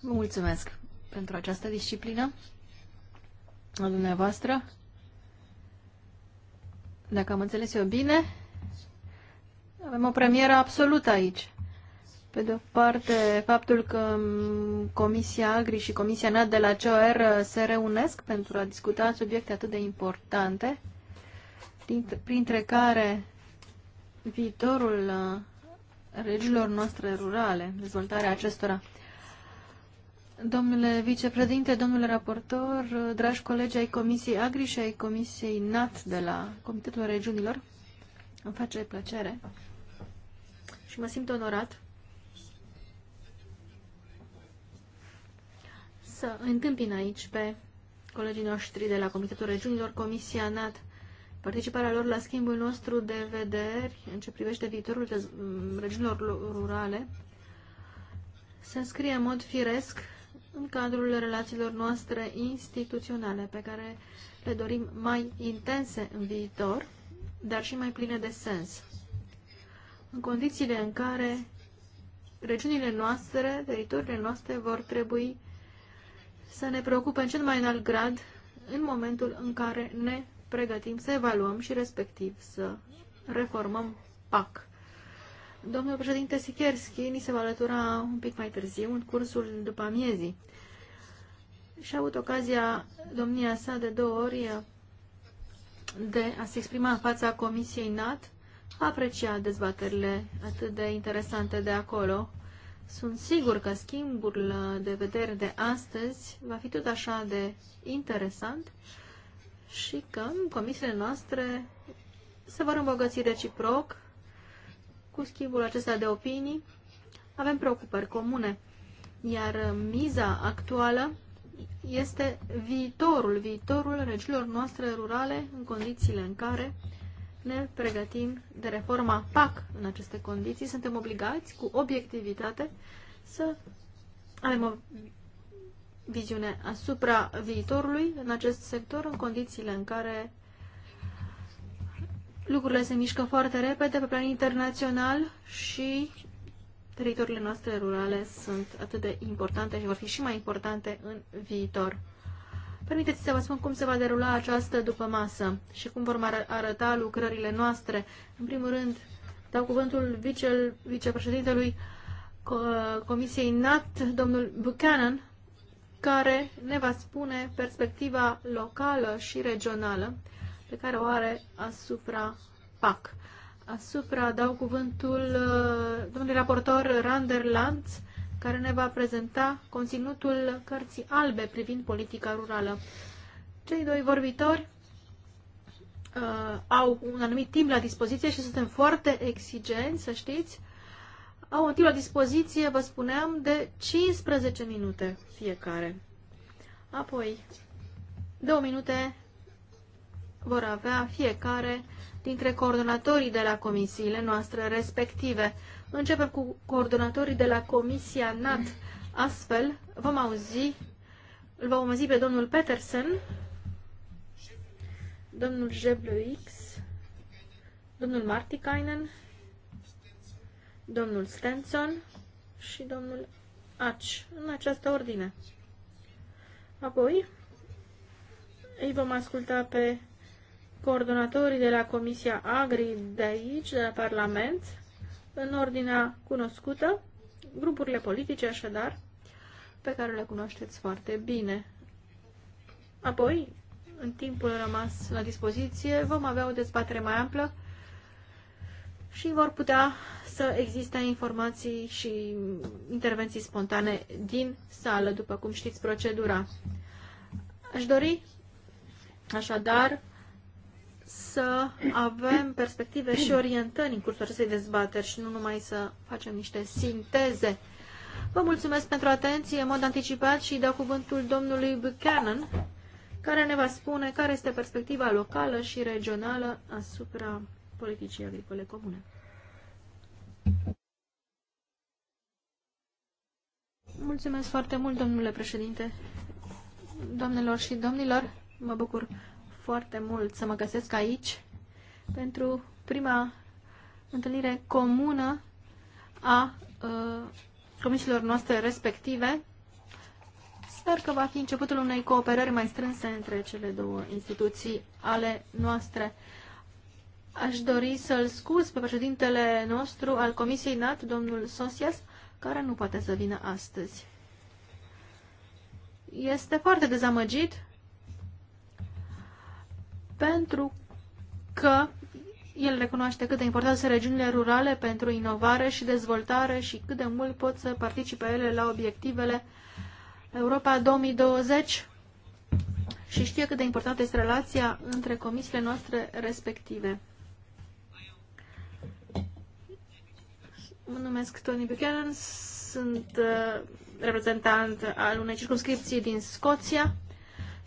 Vă mulțumesc pentru această disciplină a dumneavoastră. Dacă am înțeles eu bine, avem o premieră absolută aici. Pe de o parte, faptul că Comisia Agri și Comisia NAD de la COR se reunesc pentru a discuta subiecte atât de importante, printre care viitorul uh, regiilor noastre rurale, dezvoltarea acestora. Domnule vicepreședinte, domnule raportor, dragi colegi ai Comisiei Agri și ai Comisiei NAT de la Comitetul Regiunilor, îmi face plăcere și mă simt onorat să întâmpin aici pe colegii noștri de la Comitetul Regiunilor, Comisia NAT, participarea lor la schimbul nostru de vederi în ce privește viitorul regiunilor rurale se înscrie în mod firesc în cadrul relațiilor noastre instituționale, pe care le dorim mai intense în viitor, dar și mai pline de sens. În condițiile în care regiunile noastre, teritoriile noastre vor trebui să ne preocupe în cel mai înalt grad în momentul în care ne pregătim să evaluăm și respectiv să reformăm PAC. Domnul președinte Sikerski ni se va alătura un pic mai târziu, în cursul după amiezii. Și a avut ocazia domnia sa de două ori de a se exprima în fața Comisiei NAT, a apreciat dezbaterile atât de interesante de acolo. Sunt sigur că schimbul de vedere de astăzi va fi tot așa de interesant și că comisiile noastre se vor îmbogăți reciproc cu schimbul acesta de opinii avem preocupări comune, iar uh, miza actuală este viitorul, viitorul regiilor noastre rurale în condițiile în care ne pregătim de reforma PAC în aceste condiții. Suntem obligați cu obiectivitate să avem o viziune asupra viitorului în acest sector în condițiile în care lucrurile se mișcă foarte repede pe plan internațional și teritoriile noastre rurale sunt atât de importante și vor fi și mai importante în viitor. Permiteți să vă spun cum se va derula această după masă și cum vor arăta lucrările noastre. În primul rând, dau cuvântul vice, vicepreședintelui Comisiei NAT, domnul Buchanan, care ne va spune perspectiva locală și regională pe care o are asupra PAC. Asupra dau cuvântul uh, domnului raportor Rander Lanz, care ne va prezenta conținutul cărții albe privind politica rurală. Cei doi vorbitori uh, au un anumit timp la dispoziție și suntem foarte exigenți, să știți. Au un timp la dispoziție, vă spuneam, de 15 minute fiecare. Apoi, două minute vor avea fiecare dintre coordonatorii de la comisiile noastre respective. Începem cu coordonatorii de la Comisia NAT. Astfel vom auzi, îl vom auzi pe domnul Peterson, domnul Jebluix, domnul Martikainen, domnul Stenson și domnul Aci, în această ordine. Apoi îi vom asculta pe coordonatorii de la Comisia Agri de aici, de la Parlament, în ordinea cunoscută, grupurile politice, așadar, pe care le cunoașteți foarte bine. Apoi, în timpul rămas la dispoziție, vom avea o dezbatere mai amplă și vor putea să existe informații și intervenții spontane din sală, după cum știți procedura. Aș dori, așadar, să avem perspective și orientări în cursul acestei dezbateri și nu numai să facem niște sinteze. Vă mulțumesc pentru atenție în mod anticipat și dau cuvântul domnului Buchanan, care ne va spune care este perspectiva locală și regională asupra politicii agricole comune. Mulțumesc foarte mult, domnule președinte, doamnelor și domnilor. Mă bucur foarte mult să mă găsesc aici pentru prima întâlnire comună a uh, comisiilor noastre respective. Sper că va fi începutul unei cooperări mai strânse între cele două instituții ale noastre. Aș dori să-l scuz pe președintele nostru al Comisiei NAT, domnul Sosias, care nu poate să vină astăzi. Este foarte dezamăgit pentru că el recunoaște cât de importante sunt regiunile rurale pentru inovare și dezvoltare și cât de mult pot să participe ele la obiectivele Europa 2020 și știe cât de importantă este relația între comisiile noastre respective. Mă numesc Tony Buchanan, sunt uh, reprezentant al unei circunscripții din Scoția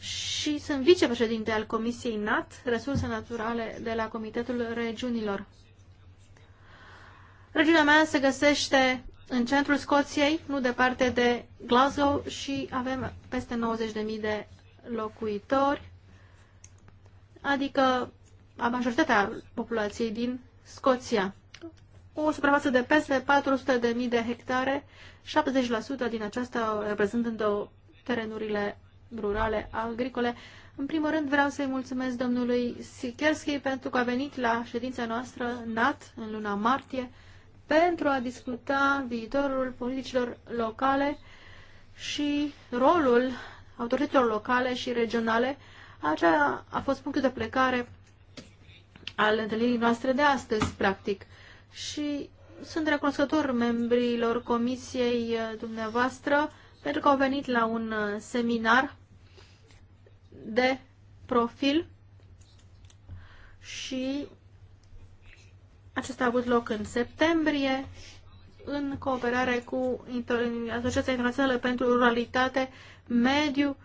și sunt vicepreședinte al Comisiei NAT, Resurse Naturale de la Comitetul Regiunilor. Regiunea mea se găsește în centrul Scoției, nu departe de Glasgow și avem peste 90.000 de locuitori, adică a majoritatea populației din Scoția. O suprafață de peste 400.000 de hectare, 70% din aceasta reprezentând terenurile rurale agricole. În primul rând vreau să-i mulțumesc domnului Sikerski pentru că a venit la ședința noastră NAT în luna martie pentru a discuta viitorul politicilor locale și rolul autorităților locale și regionale. Acea a fost punctul de plecare al întâlnirii noastre de astăzi, practic. Și sunt recunoscător membrilor comisiei eh, dumneavoastră pentru că au venit la un eh, seminar de profil și acesta a avut loc în septembrie în cooperare cu Asociația Internațională pentru Ruralitate, Mediu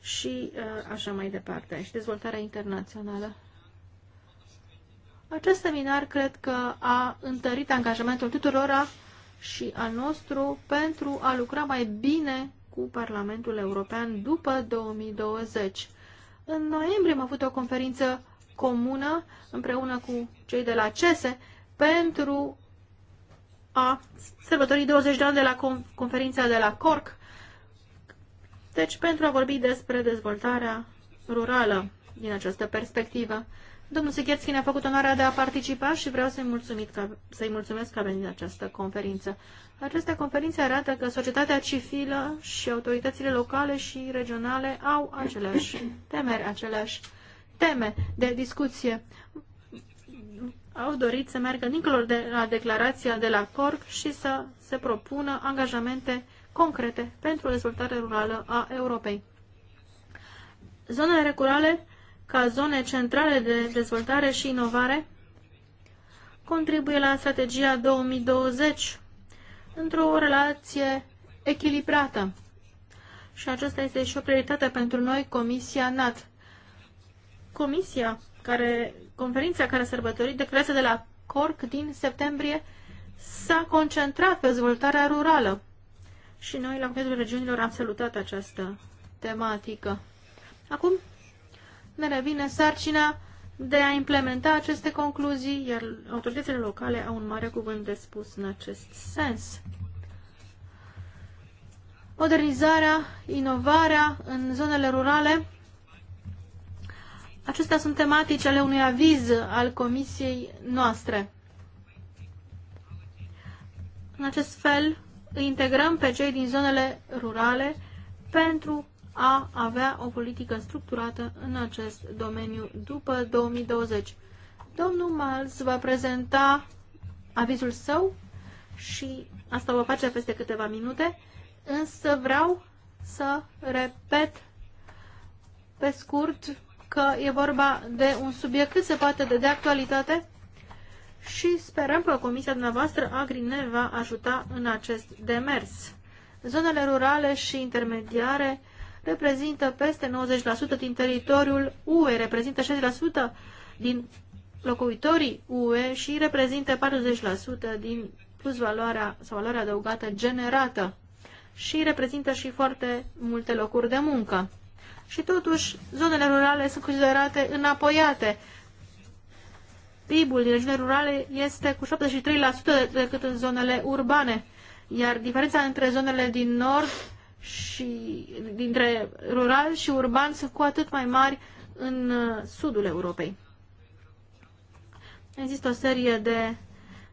și uh, așa mai departe, și dezvoltarea internațională. Acest seminar cred că a întărit angajamentul tuturora și al nostru pentru a lucra mai bine cu Parlamentul European după 2020. În noiembrie am avut o conferință comună împreună cu cei de la CESE pentru a sărbători 20 de ani de la conferința de la Cork, deci pentru a vorbi despre dezvoltarea rurală din această perspectivă. Domnul Sechetschi ne-a făcut onoarea de a participa și vreau să-i mulțumesc, că, să mulțumesc că a venit la această conferință. Aceste conferințe arată că societatea civilă și autoritățile locale și regionale au aceleași temeri, aceleași teme de discuție. Au dorit să meargă dincolo de la declarația de la Cork și să se propună angajamente concrete pentru dezvoltarea rurală a Europei. Zonele rurale ca zone centrale de dezvoltare și inovare contribuie la strategia 2020 într-o relație echilibrată. Și aceasta este și o prioritate pentru noi, Comisia NAT. Comisia, care, conferința care a sărbătorit declarația de la Cork din septembrie, s-a concentrat pe dezvoltarea rurală. Și noi, la Comitetul Regiunilor, am salutat această tematică. Acum ne revine sarcina de a implementa aceste concluzii, iar autoritățile locale au un mare cuvânt de spus în acest sens. Modernizarea, inovarea în zonele rurale, acestea sunt tematici ale unui aviz al comisiei noastre. În acest fel, îi integrăm pe cei din zonele rurale pentru a avea o politică structurată în acest domeniu după 2020. Domnul Malz va prezenta avizul său și asta va face peste câteva minute, însă vreau să repet pe scurt că e vorba de un subiect cât se poate de, de actualitate și sperăm că Comisia dumneavoastră Agri ne va ajuta în acest demers. Zonele rurale și intermediare reprezintă peste 90% din teritoriul UE, reprezintă 60% din locuitorii UE și reprezintă 40% din plus valoarea sau valoarea adăugată generată și reprezintă și foarte multe locuri de muncă. Și totuși, zonele rurale sunt considerate înapoiate. PIB-ul din regiunile rurale este cu 73% decât în zonele urbane, iar diferența între zonele din nord și dintre rural și urban sunt cu atât mai mari în uh, sudul Europei. Există o serie de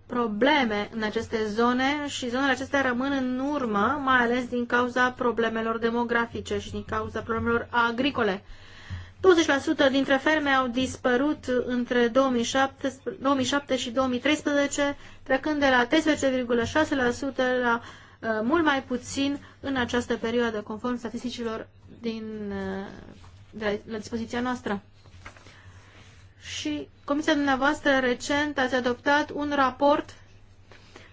probleme în aceste zone și zonele acestea rămân în urmă, mai ales din cauza problemelor demografice și din cauza problemelor agricole. 20% dintre ferme au dispărut între 2007, 2007 și 2013, trecând de la 13,6% la Uh, mult mai puțin în această perioadă, conform statisticilor din, uh, de la dispoziția noastră. Și Comisia dumneavoastră recent ați adoptat un raport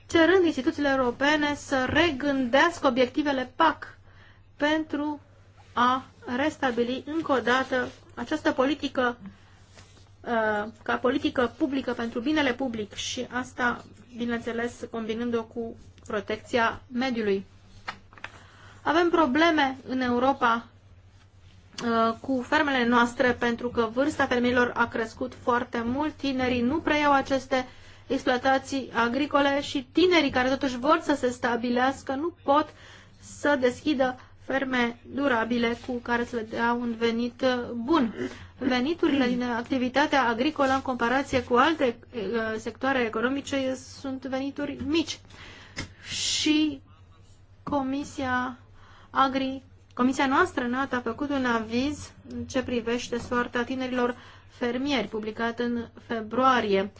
cerând instituțiile europene să regândească obiectivele PAC pentru a restabili încă o dată această politică uh, ca politică publică pentru binele public și asta, bineînțeles, combinând-o cu protecția mediului. Avem probleme în Europa uh, cu fermele noastre pentru că vârsta fermelor a crescut foarte mult, tinerii nu preiau aceste exploatații agricole și tinerii care totuși vor să se stabilească nu pot să deschidă ferme durabile cu care să le dea un venit uh, bun. Veniturile din activitatea agricolă în comparație cu alte uh, sectoare economice sunt venituri mici și Comisia Agri, Comisia noastră, NAT, a făcut un aviz în ce privește soarta tinerilor fermieri, publicat în februarie.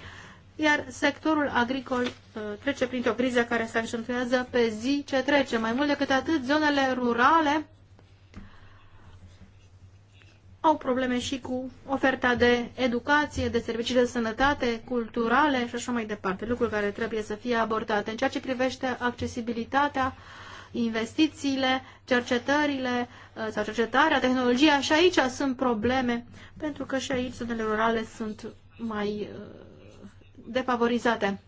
Iar sectorul agricol uh, trece printr-o criză care se accentuează pe zi ce trece. Mai mult decât atât, zonele rurale au probleme și cu oferta de educație, de servicii de sănătate, culturale și așa mai departe, lucruri care trebuie să fie abordate. În ceea ce privește accesibilitatea, investițiile, cercetările uh, sau cercetarea, tehnologia și aici sunt probleme, pentru că și aici zonele rurale sunt mai uh, defavorizate.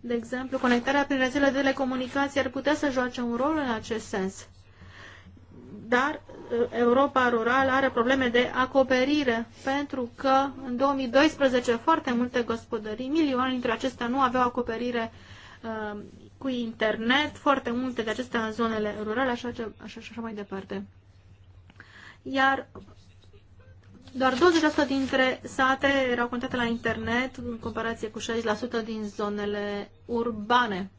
De exemplu, conectarea prin rețele de telecomunicații ar putea să joace un rol în acest sens dar uh, Europa rurală are probleme de acoperire, pentru că în 2012 foarte multe gospodării, milioane dintre acestea nu aveau acoperire uh, cu internet, foarte multe de acestea în zonele rurale, așa, așa, așa, așa mai departe. Iar doar 20% dintre sate erau contate la internet, în comparație cu 60% din zonele urbane.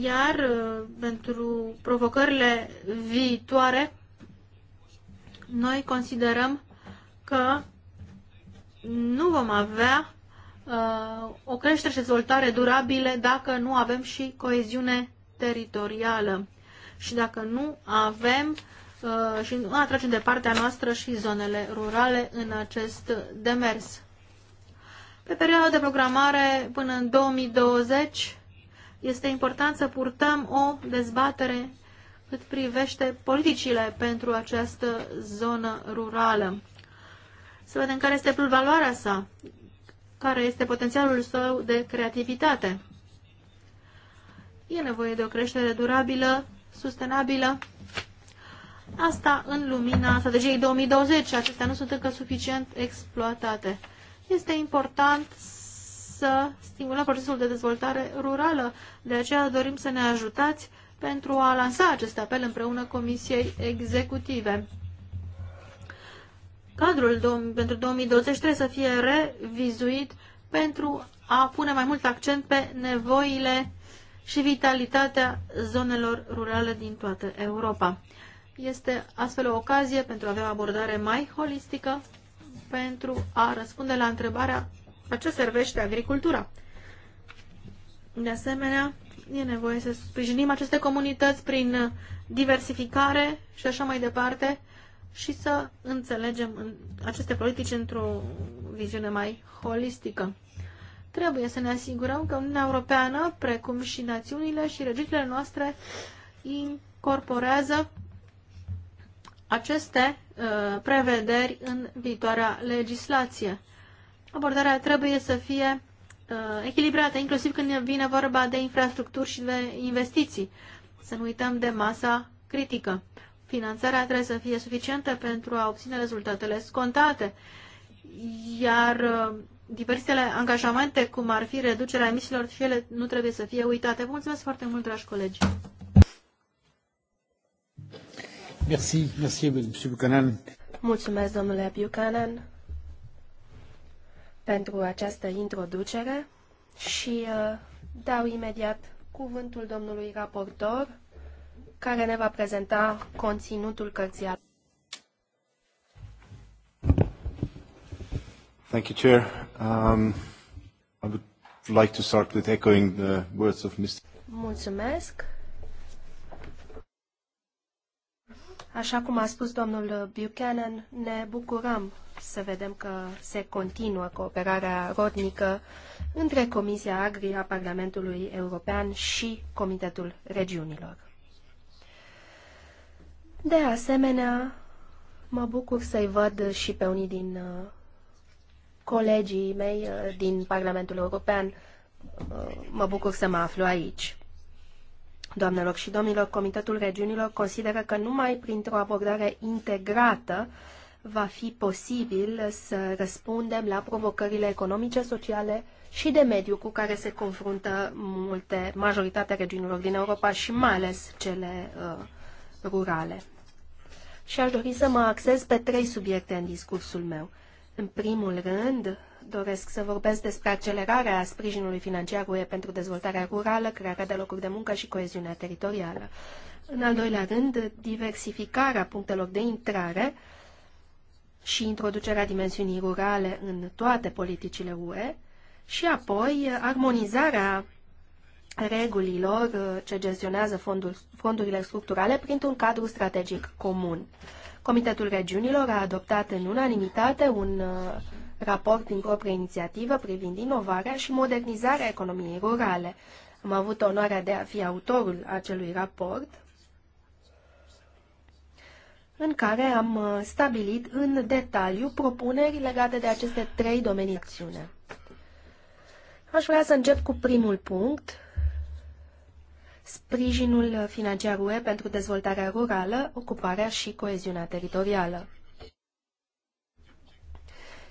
Iar uh, pentru provocările viitoare, noi considerăm că nu vom avea uh, o creștere și dezvoltare durabile dacă nu avem și coeziune teritorială și dacă nu avem uh, și nu atragem de partea noastră și zonele rurale în acest demers. Pe perioada de programare până în 2020 este important să purtăm o dezbatere cât privește politicile pentru această zonă rurală. Să vedem care este plusvaloarea sa, care este potențialul său de creativitate. E nevoie de o creștere durabilă, sustenabilă. Asta în lumina strategiei 2020. Acestea nu sunt încă suficient exploatate. Este important să stimulăm procesul de dezvoltare rurală. De aceea dorim să ne ajutați pentru a lansa acest apel împreună Comisiei Executive. Cadrul pentru 2020 trebuie să fie revizuit pentru a pune mai mult accent pe nevoile și vitalitatea zonelor rurale din toată Europa. Este astfel o ocazie pentru a avea o abordare mai holistică, pentru a răspunde la întrebarea la ce servește agricultura? De asemenea, e nevoie să sprijinim aceste comunități prin diversificare și așa mai departe și să înțelegem aceste politici într-o viziune mai holistică. Trebuie să ne asigurăm că Uniunea Europeană, precum și națiunile și regiunile noastre, incorporează aceste uh, prevederi în viitoarea legislație abordarea trebuie să fie uh, echilibrată, inclusiv când vine vorba de infrastructuri și de investiții. Să nu uităm de masa critică. Finanțarea trebuie să fie suficientă pentru a obține rezultatele scontate, iar uh, diversele angajamente, cum ar fi reducerea emisiilor, și ele nu trebuie să fie uitate. Mulțumesc foarte mult, dragi colegi! Merci, merci, Mulțumesc, domnule Buchanan pentru această introducere și uh, dau imediat cuvântul domnului raportor care ne va prezenta conținutul cărții. Thank you, Chair. Um, I would like to start with echoing the words of Mr. Mulțumesc. Așa cum a spus domnul Buchanan, ne bucurăm să vedem că se continuă cooperarea rodnică între Comisia Agri a Parlamentului European și Comitetul Regiunilor. De asemenea, mă bucur să-i văd și pe unii din uh, colegii mei uh, din Parlamentul European. Uh, mă bucur să mă aflu aici. Doamnelor și domnilor, Comitetul Regiunilor consideră că numai printr-o abordare integrată va fi posibil să răspundem la provocările economice, sociale și de mediu cu care se confruntă multe, majoritatea regiunilor din Europa și mai ales cele uh, rurale. Și aș dori să mă axez pe trei subiecte în discursul meu. În primul rând, doresc să vorbesc despre accelerarea sprijinului financiar UE pentru dezvoltarea rurală, crearea de locuri de muncă și coeziunea teritorială. În al doilea rând, diversificarea punctelor de intrare uh, și introducerea dimensiunii rurale în toate politicile UE și apoi armonizarea regulilor uh, ce gestionează fondul, fondurile structurale printr-un cadru strategic comun. Comitetul Regiunilor a adoptat în unanimitate un uh, raport din proprie inițiativă privind inovarea și modernizarea economiei rurale. Am avut onoarea de a fi autorul acelui raport în care am uh, stabilit în detaliu propuneri legate de aceste trei domenii de acțiune. Aș vrea să încep cu primul punct, sprijinul financiar UE pentru dezvoltarea rurală, ocuparea și coeziunea teritorială.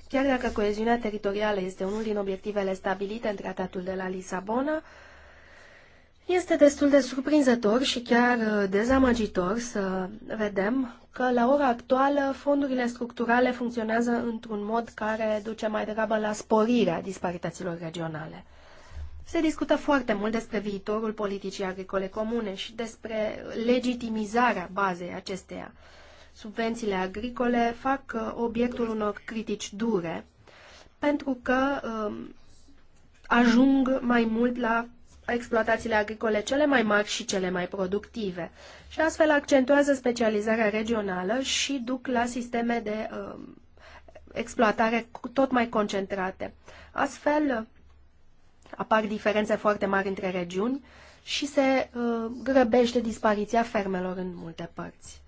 Chiar dacă coeziunea teritorială este unul din obiectivele stabilite în Tratatul de la Lisabona, este destul de surprinzător și chiar uh, dezamăgitor să vedem că la ora actuală fondurile structurale funcționează într-un mod care duce mai degrabă la sporirea disparităților regionale. Se discută foarte mult despre viitorul politicii agricole comune și despre legitimizarea bazei acesteia. Subvențiile agricole fac uh, obiectul unor critici dure pentru că um, ajung mai mult la exploatațiile agricole cele mai mari și cele mai productive și astfel accentuează specializarea regională și duc la sisteme de uh, exploatare tot mai concentrate. Astfel apar diferențe foarte mari între regiuni și se uh, grăbește dispariția fermelor în multe părți.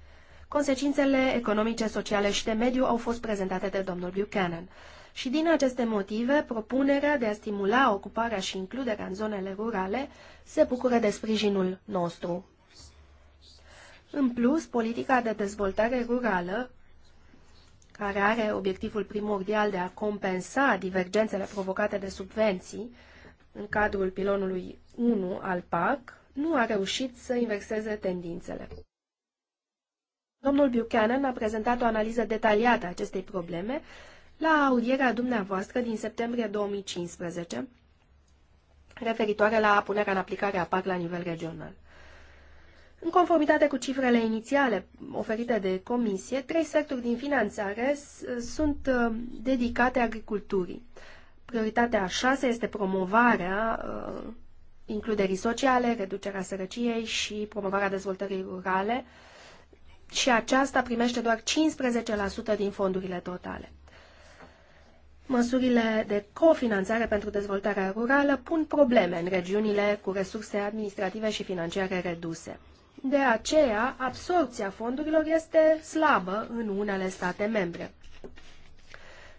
Consecințele economice, sociale și de mediu au fost prezentate de domnul Buchanan. Și din aceste motive, propunerea de a stimula ocuparea și includerea în zonele rurale se bucură de sprijinul nostru. În plus, politica de dezvoltare rurală, care are obiectivul primordial de a compensa divergențele provocate de subvenții în cadrul pilonului 1 al PAC, nu a reușit să inverseze tendințele. Domnul Buchanan a prezentat o analiză detaliată a acestei probleme la audierea dumneavoastră din septembrie 2015, referitoare la punerea în aplicare a PAC la nivel regional. În conformitate cu cifrele inițiale oferite de comisie, trei sectori din finanțare sunt uh, dedicate agriculturii. Prioritatea a șase este promovarea uh, includerii sociale, reducerea sărăciei și promovarea dezvoltării rurale și aceasta primește doar 15% din fondurile totale. Măsurile de cofinanțare pentru dezvoltarea rurală pun probleme în regiunile cu resurse administrative și financiare reduse. De aceea, absorpția fondurilor este slabă în unele state membre.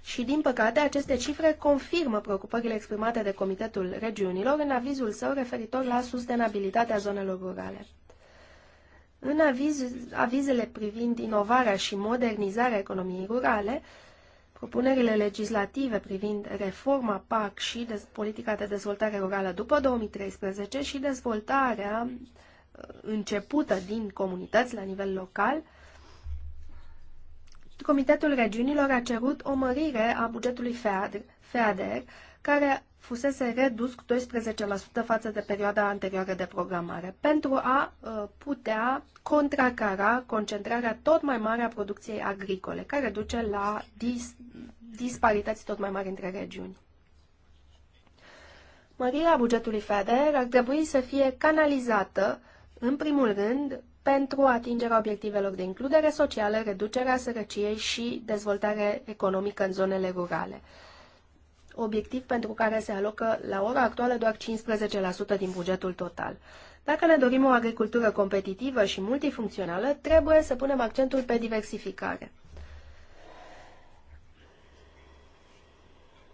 Și, din păcate, aceste cifre confirmă preocupările exprimate de Comitetul Regiunilor în avizul său referitor la sustenabilitatea zonelor rurale. În aviz, avizele privind inovarea și modernizarea economiei rurale, Propunerile legislative privind reforma PAC și politica de dezvoltare rurală după 2013 și dezvoltarea uh, începută din comunități la nivel local Comitetul Regiunilor a cerut o mărire a bugetului FEADR, FEADER, care fusese redus cu 12% față de perioada anterioară de programare, pentru a uh, putea contracara concentrarea tot mai mare a producției agricole, care duce la dis disparități tot mai mari între regiuni. Mărirea bugetului FEDER ar trebui să fie canalizată, în primul rând, pentru atingerea obiectivelor de includere socială, reducerea sărăciei și dezvoltare economică în zonele rurale. Obiectiv pentru care se alocă la ora actuală doar 15% din bugetul total. Dacă ne dorim o agricultură competitivă și multifuncțională, trebuie să punem accentul pe diversificare.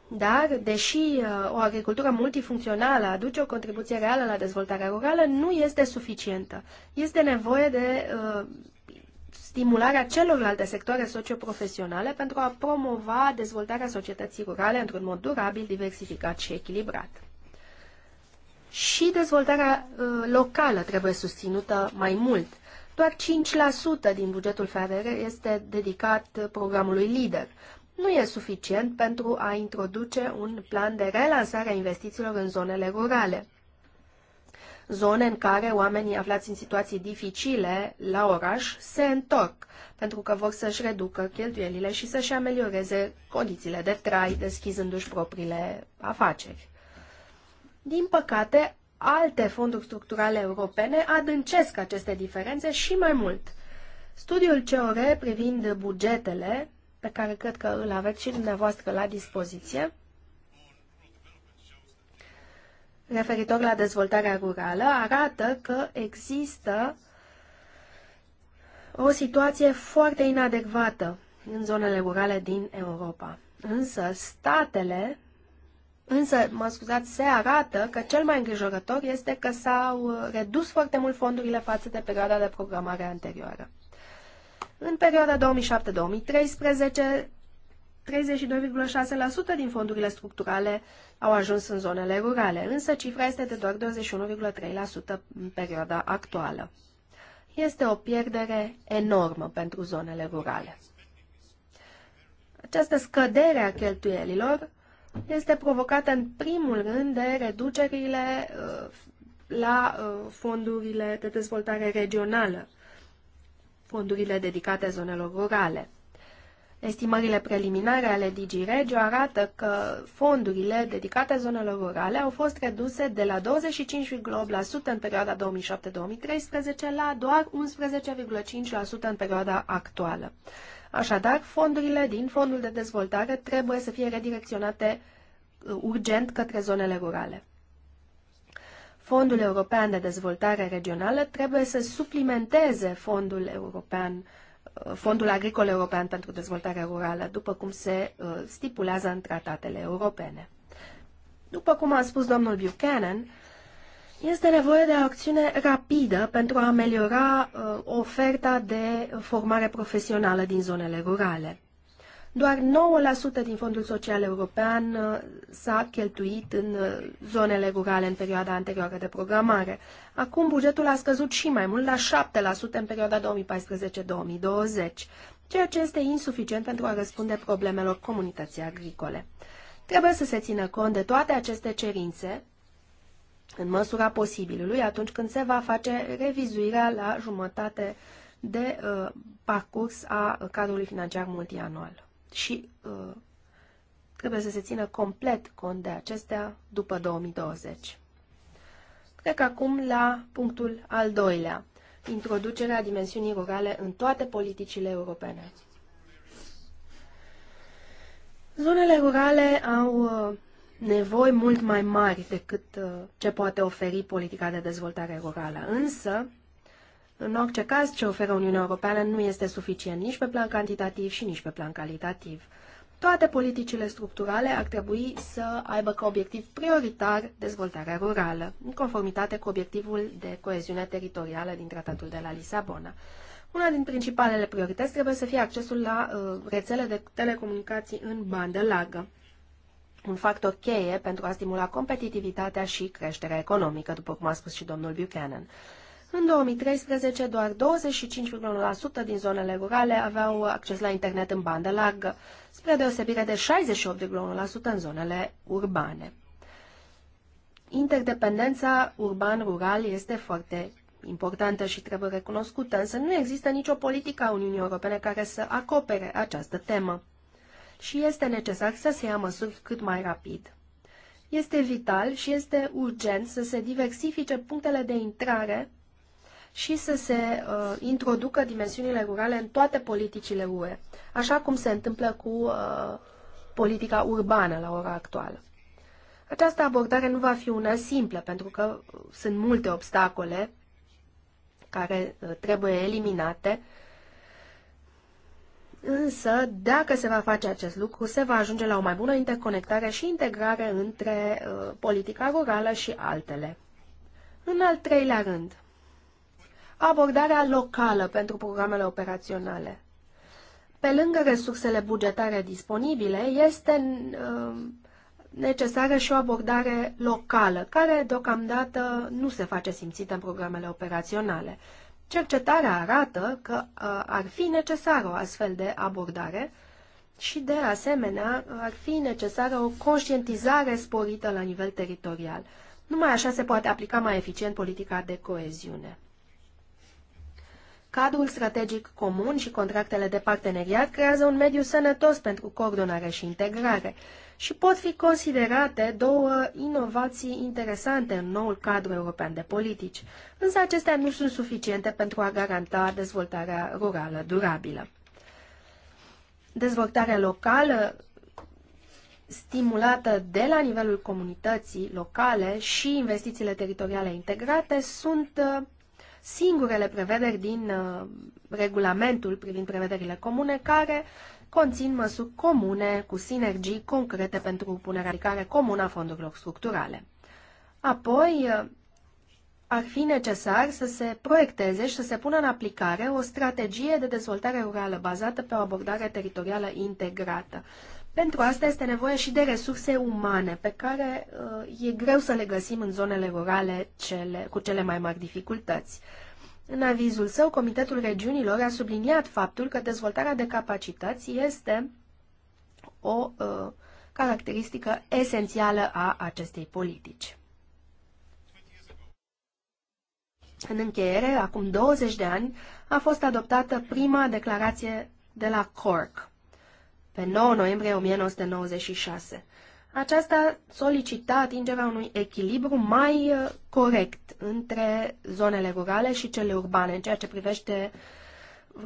Dar, deși uh, o agricultură multifuncțională aduce o contribuție reală la dezvoltarea rurală, nu este suficientă. Este nevoie de uh, stimularea celorlalte sectoare socioprofesionale pentru a promova dezvoltarea societății rurale într-un mod durabil, diversificat și echilibrat. Și dezvoltarea uh, locală trebuie susținută mai mult. Doar 5% din bugetul FADR este dedicat programului LIDER nu e suficient pentru a introduce un plan de relansare a investițiilor în zonele rurale. Zone în care oamenii aflați în situații dificile la oraș se întorc pentru că vor să-și reducă cheltuielile și să-și amelioreze condițiile de trai, deschizându-și propriile afaceri. Din păcate, alte fonduri structurale europene adâncesc aceste diferențe și mai mult. Studiul COR privind bugetele pe care cred că îl aveți și dumneavoastră la dispoziție, referitor la dezvoltarea rurală, arată că există o situație foarte inadecvată în zonele rurale din Europa. Însă statele, însă, mă scuzați, se arată că cel mai îngrijorător este că s-au redus foarte mult fondurile față de perioada de programare anterioară. În perioada 2007-2013, 32,6% din fondurile structurale au ajuns în zonele rurale, însă cifra este de doar 21,3% în perioada actuală. Este o pierdere enormă pentru zonele rurale. Această scădere a cheltuielilor este provocată în primul rând de reducerile uh, la uh, fondurile de dezvoltare regională, fondurile dedicate zonelor rurale. Estimările preliminare ale DigiRegio arată că fondurile dedicate zonelor rurale au fost reduse de la 25,8% în perioada 2007-2013 la doar 11,5% în perioada actuală. Așadar, fondurile din Fondul de Dezvoltare trebuie să fie redirecționate uh, urgent către zonele rurale. Fondul European de Dezvoltare Regională trebuie să suplimenteze Fondul European uh, Fondul Agricol European pentru Dezvoltare Rurală, după cum se uh, stipulează în tratatele europene. După cum a spus domnul Buchanan, este nevoie de o acțiune rapidă pentru a ameliora uh, oferta de formare profesională din zonele rurale. Doar 9% din Fondul Social European uh, s-a cheltuit în uh, zonele rurale în perioada anterioară de programare. Acum bugetul a scăzut și mai mult la 7% în perioada 2014-2020, ceea ce este insuficient pentru a răspunde problemelor comunității agricole. Trebuie să se țină cont de toate aceste cerințe în măsura posibilului atunci când se va face revizuirea la jumătate de uh, parcurs a cadrului financiar multianual și uh, trebuie să se țină complet cont de acestea după 2020. Trec acum la punctul al doilea, introducerea dimensiunii rurale în toate politicile europene. Zonele rurale au uh, nevoi mult mai mari decât uh, ce poate oferi politica de dezvoltare rurală, însă în orice caz, ce oferă Uniunea Europeană nu este suficient nici pe plan cantitativ și nici pe plan calitativ. Toate politicile structurale ar trebui să aibă ca obiectiv prioritar dezvoltarea rurală, în conformitate cu obiectivul de coeziune teritorială din Tratatul de la Lisabona. Una din principalele priorități trebuie să fie accesul la uh, rețele de telecomunicații în bandă largă, un factor cheie pentru a stimula competitivitatea și creșterea economică, după cum a spus și domnul Buchanan. În 2013, doar 25,1% din zonele rurale aveau acces la internet în bandă largă, spre deosebire de 68,1% în zonele urbane. Interdependența urban-rural este foarte importantă și trebuie recunoscută, însă nu există nicio politică a Uniunii Europene care să acopere această temă. Și este necesar să se ia măsuri cât mai rapid. Este vital și este urgent să se diversifice punctele de intrare și să se uh, introducă dimensiunile rurale în toate politicile UE, așa cum se întâmplă cu uh, politica urbană la ora actuală. Această abordare nu va fi una simplă, pentru că uh, sunt multe obstacole care uh, trebuie eliminate, însă dacă se va face acest lucru, se va ajunge la o mai bună interconectare și integrare între uh, politica rurală și altele. În al treilea rând, abordarea locală pentru programele operaționale. Pe lângă resursele bugetare disponibile, este uh, necesară și o abordare locală, care deocamdată nu se face simțită în programele operaționale. Cercetarea arată că uh, ar fi necesară o astfel de abordare și, de asemenea, ar fi necesară o conștientizare sporită la nivel teritorial. Numai așa se poate aplica mai eficient politica de coeziune. Cadrul strategic comun și contractele de parteneriat creează un mediu sănătos pentru coordonare și integrare și pot fi considerate două inovații interesante în noul cadru european de politici, însă acestea nu sunt suficiente pentru a garanta dezvoltarea rurală durabilă. Dezvoltarea locală stimulată de la nivelul comunității locale și investițiile teritoriale integrate sunt uh, singurele prevederi din uh, regulamentul privind prevederile comune care conțin măsuri comune cu sinergii concrete pentru punerea aplicare comună a fondurilor structurale. Apoi, uh, ar fi necesar să se proiecteze și să se pună în aplicare o strategie de dezvoltare rurală bazată pe o abordare teritorială integrată. Uh, pentru asta este nevoie și de resurse umane, pe care uh, e greu să le găsim în zonele rurale cele, cu cele mai mari dificultăți. În avizul său, Comitetul Regiunilor a subliniat faptul că dezvoltarea de capacități este o uh, caracteristică esențială a acestei politici. În încheiere, acum 20 de ani, a fost adoptată prima declarație de la Cork pe 9 noiembrie 1996. Aceasta solicita atingerea unui echilibru mai uh, corect între zonele rurale și cele urbane, în ceea ce privește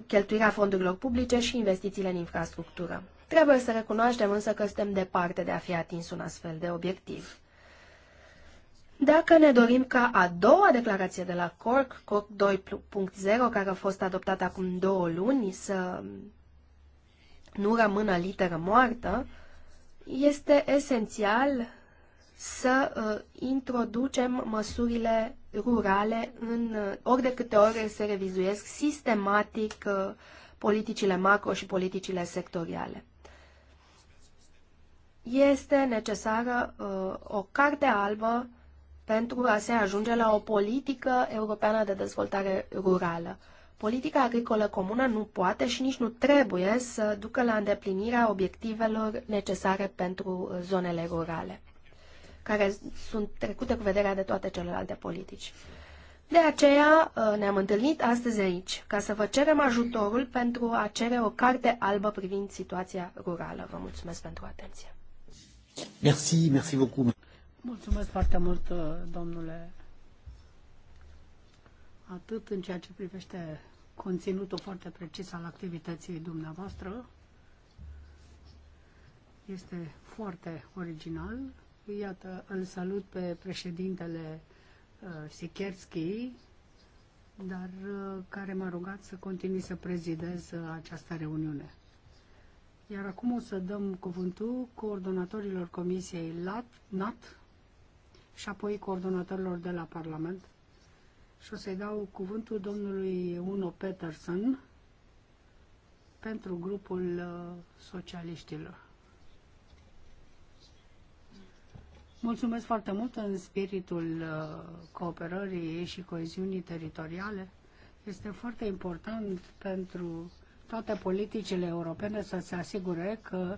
cheltuirea fondurilor publice și investițiile în infrastructură. Trebuie să recunoaștem însă că suntem departe de a fi atins un astfel de obiectiv. Dacă ne dorim ca a doua declarație de la Cork, Cork 2.0, care a fost adoptată acum două luni, să nu rămână literă moartă, este esențial să uh, introducem măsurile rurale în, uh, ori de câte ori se revizuiesc sistematic uh, politicile macro și politicile sectoriale. Este necesară uh, o carte albă pentru a se ajunge la o politică europeană de dezvoltare rurală. Uh, Politica agricolă comună nu poate și nici nu trebuie să ducă la îndeplinirea obiectivelor necesare pentru uh, zonele rurale, care sunt trecute cu vederea de toate celelalte politici. De aceea uh, ne-am întâlnit astăzi aici, ca să vă cerem ajutorul pentru a cere o carte albă privind situația rurală. Vă mulțumesc pentru atenție. Merci, merci beaucoup. Mulțumesc foarte mult, uh, domnule atât în ceea ce privește conținutul foarte precis al activității dumneavoastră. Este foarte original. Iată, îl salut pe președintele uh, Sikerski, dar uh, care m-a rugat să continui să prezidez uh, această reuniune. Iar acum o să dăm cuvântul coordonatorilor Comisiei LAT, NAT și apoi coordonatorilor de la Parlament și o să-i dau cuvântul domnului Uno Peterson pentru grupul uh, socialiștilor. Mulțumesc foarte mult în spiritul uh, cooperării și coeziunii teritoriale. Este foarte important pentru toate politicile europene să se asigure că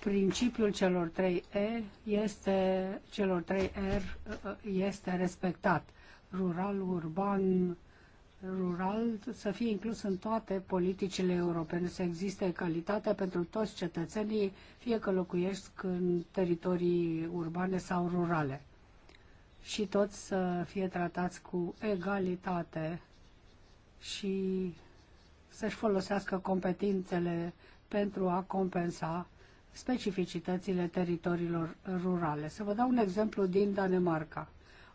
principiul celor trei E este, celor trei R uh, este respectat rural, urban, rural să fie inclus în toate politicile europene, să existe calitate pentru toți cetățenii, fie că locuiesc în teritorii urbane sau rurale. Și toți să fie tratați cu egalitate și să-și folosească competințele pentru a compensa specificitățile teritoriilor rurale. Să vă dau un exemplu din Danemarca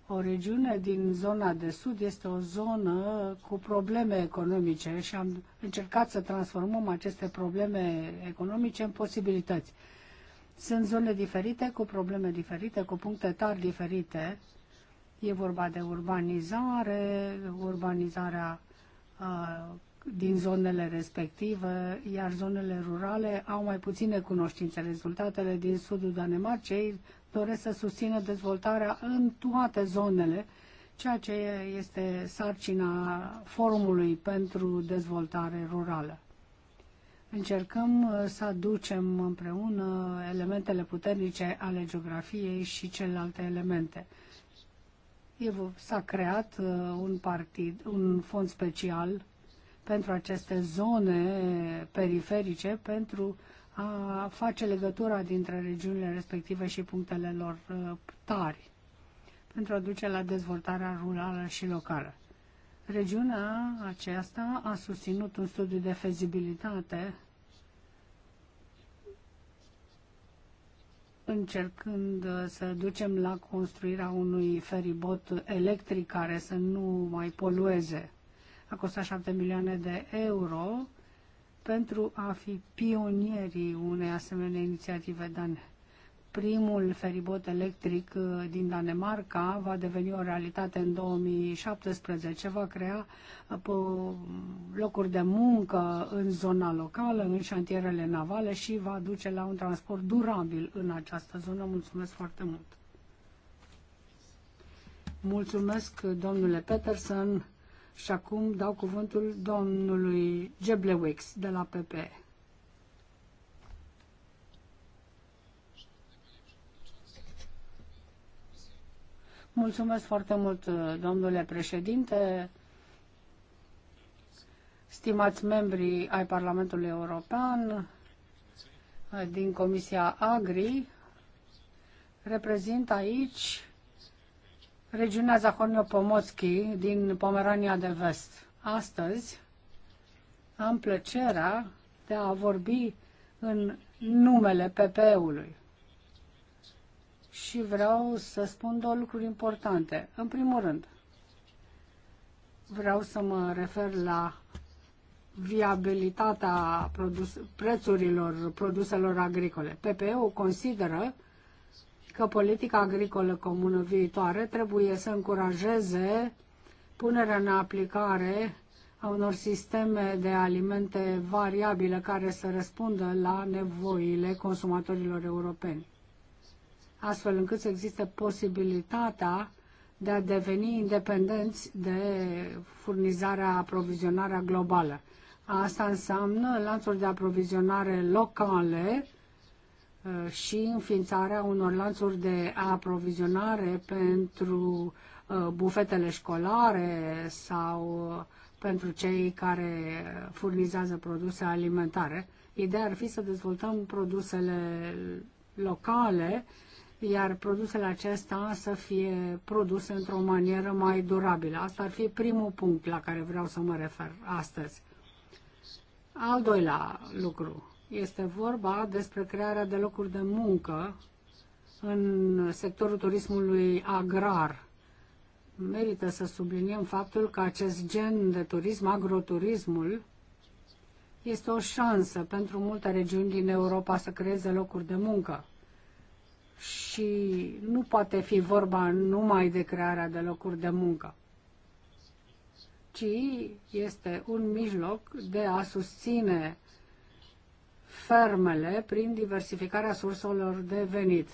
o regiune din zona de sud este o zonă cu probleme economice și am încercat să transformăm aceste probleme economice în posibilități. Sunt zone diferite, cu probleme diferite, cu puncte tari diferite. E vorba de urbanizare, urbanizarea uh, din zonele respective, iar zonele rurale au mai puține cunoștințe. Rezultatele din sudul Danemarcei doresc să susțină dezvoltarea în toate zonele, ceea ce este sarcina Forumului pentru Dezvoltare Rurală. Încercăm uh, să aducem împreună elementele puternice ale geografiei și celelalte elemente. S-a creat uh, un partid, un fond special pentru aceste zone periferice, pentru uh, a face legătura dintre regiunile respective și punctele lor uh, tari pentru a duce la dezvoltarea rurală și locală. Regiunea aceasta a susținut un studiu de fezibilitate încercând uh, să ducem la construirea unui feribot electric care să nu mai polueze. A costat 7 milioane de euro pentru a fi pionierii unei asemenea inițiative dane. Primul feribot electric uh, din Danemarca va deveni o realitate în 2017, va crea uh, locuri de muncă în zona locală, în șantierele navale și va duce la un transport durabil în această zonă. Mulțumesc foarte mult! Mulțumesc, domnule Peterson! Și acum dau cuvântul domnului Geblewix de la PP. Mulțumesc foarte mult, domnule președinte, stimați membri ai Parlamentului European, din Comisia Agri, reprezint aici regiunea Zahorno-Pomotski din Pomerania de Vest. Astăzi am plăcerea de a vorbi în numele PPE-ului. Și vreau să spun două lucruri importante. În primul rând, vreau să mă refer la viabilitatea produs, prețurilor produselor agricole. PPE-ul consideră că politica agricolă comună viitoare trebuie să încurajeze punerea în aplicare a unor sisteme de alimente variabile care să răspundă la nevoile consumatorilor europeni, astfel încât să existe posibilitatea de a deveni independenți de furnizarea, aprovizionarea globală. Asta înseamnă lanțuri de aprovizionare locale, Uh, și înființarea unor lanțuri de aprovizionare pentru uh, bufetele școlare sau uh, pentru cei care furnizează produse alimentare. Ideea ar fi să dezvoltăm produsele locale, iar produsele acestea să fie produse într-o manieră mai durabilă. Asta ar fi primul punct la care vreau să mă refer astăzi. Al doilea lucru, este vorba despre crearea de locuri de muncă în sectorul turismului agrar. Merită să subliniem faptul că acest gen de turism, agroturismul, este o șansă pentru multe regiuni din Europa să creeze locuri de muncă. Și nu poate fi vorba numai de crearea de locuri de muncă, ci este un mijloc de a susține fermele prin diversificarea surselor de venit.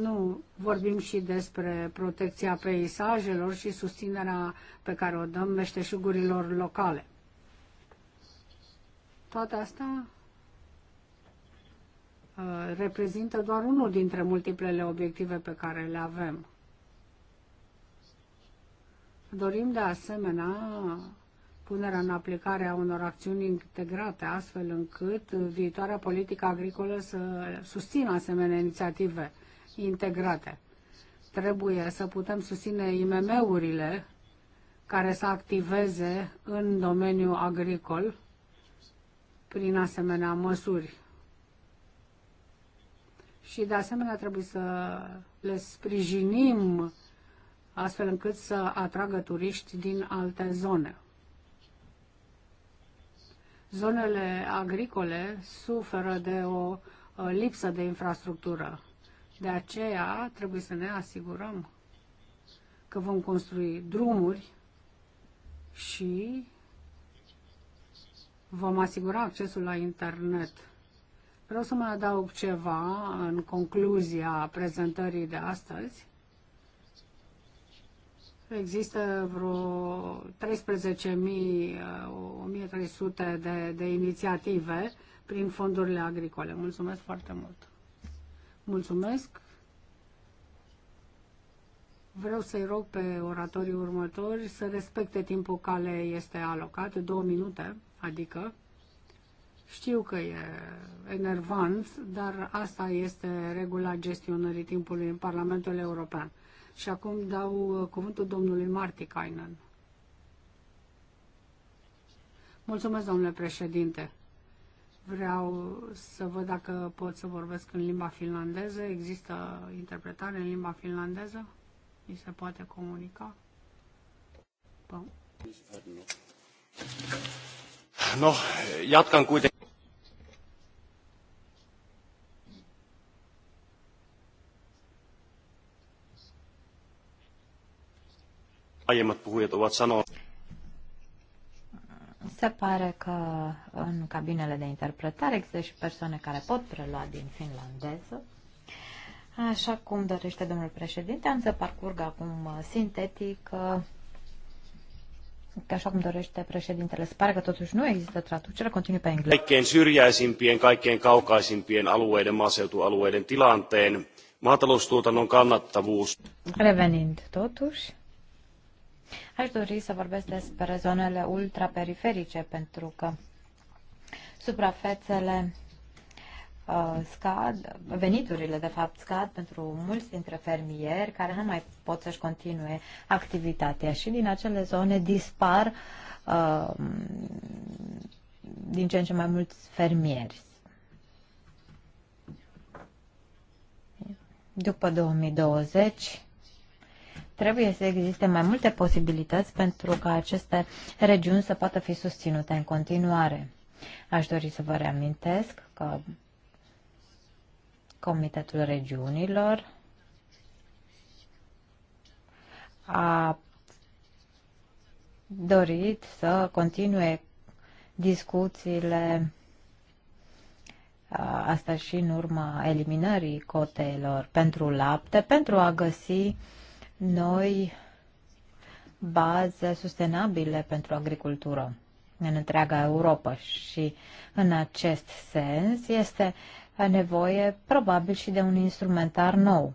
Nu vorbim și despre protecția peisajelor și susținerea pe care o dăm meșteșugurilor locale. Toate astea uh, reprezintă doar unul dintre multiplele obiective pe care le avem. Dorim de asemenea punerea în aplicare a unor acțiuni integrate, astfel încât viitoarea politică agricolă să susțină asemenea inițiative integrate. Trebuie să putem susține IMM-urile care să activeze în domeniul agricol prin asemenea măsuri. Și de asemenea trebuie să le sprijinim astfel încât să atragă turiști din alte zone zonele agricole suferă de o lipsă de infrastructură. De aceea trebuie să ne asigurăm că vom construi drumuri și vom asigura accesul la internet. Vreau să mai adaug ceva în concluzia prezentării de astăzi. Există vreo 13.300 de, de inițiative prin fondurile agricole. Mulțumesc foarte mult! Mulțumesc! Vreau să-i rog pe oratorii următori să respecte timpul care este alocat, două minute, adică știu că e enervant, dar asta este regula gestionării timpului în Parlamentul European. Și acum dau uh, cuvântul domnului Marti Kainan. Mulțumesc, domnule președinte. Vreau să văd dacă pot să vorbesc în limba finlandeză. Există interpretare în limba finlandeză? Mi se poate comunica? Bun. No, jatkan kuitenkin. aiemmat puhujat ovat sanoneet. Se pare că în cabinele de interpretare există și persoane care pot prelua din finlandeză. Așa cum dorește domnul președinte, am să parcurg acum uh, sintetic, uh, așa cum dorește președintele. Se pare că totuși nu există traducere, continui pe engleză. Kaikkein syrjäisimpien, kaikkein kaukaisimpien alueiden, maaseutualueiden tilanteen, maataloustuotannon kannattavuus. Revenind totuși Aș dori să vorbesc despre zonele ultraperiferice, pentru că suprafețele uh, scad, veniturile de fapt scad pentru mulți dintre fermieri care nu mai pot să-și continue activitatea și din acele zone dispar uh, din ce în ce mai mulți fermieri. După 2020 Trebuie să existe mai multe posibilități pentru ca aceste regiuni să poată fi susținute în continuare. Aș dori să vă reamintesc că Comitetul Regiunilor a dorit să continue discuțiile asta și în urma eliminării cotelor pentru lapte, pentru a găsi noi baze sustenabile pentru agricultură în întreaga Europa și în acest sens este nevoie probabil și de un instrumentar nou.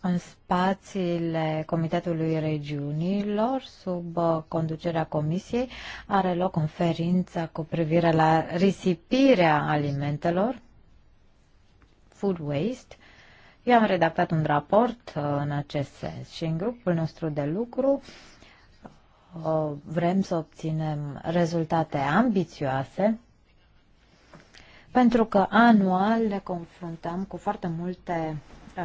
în spațiile Comitetului Regiunilor, sub uh, conducerea Comisiei, are loc conferința cu privire la risipirea alimentelor, food waste. Eu am redactat un raport uh, în acest sens și în grupul nostru de lucru uh, vrem să obținem rezultate ambițioase pentru că anual ne confruntăm cu foarte multe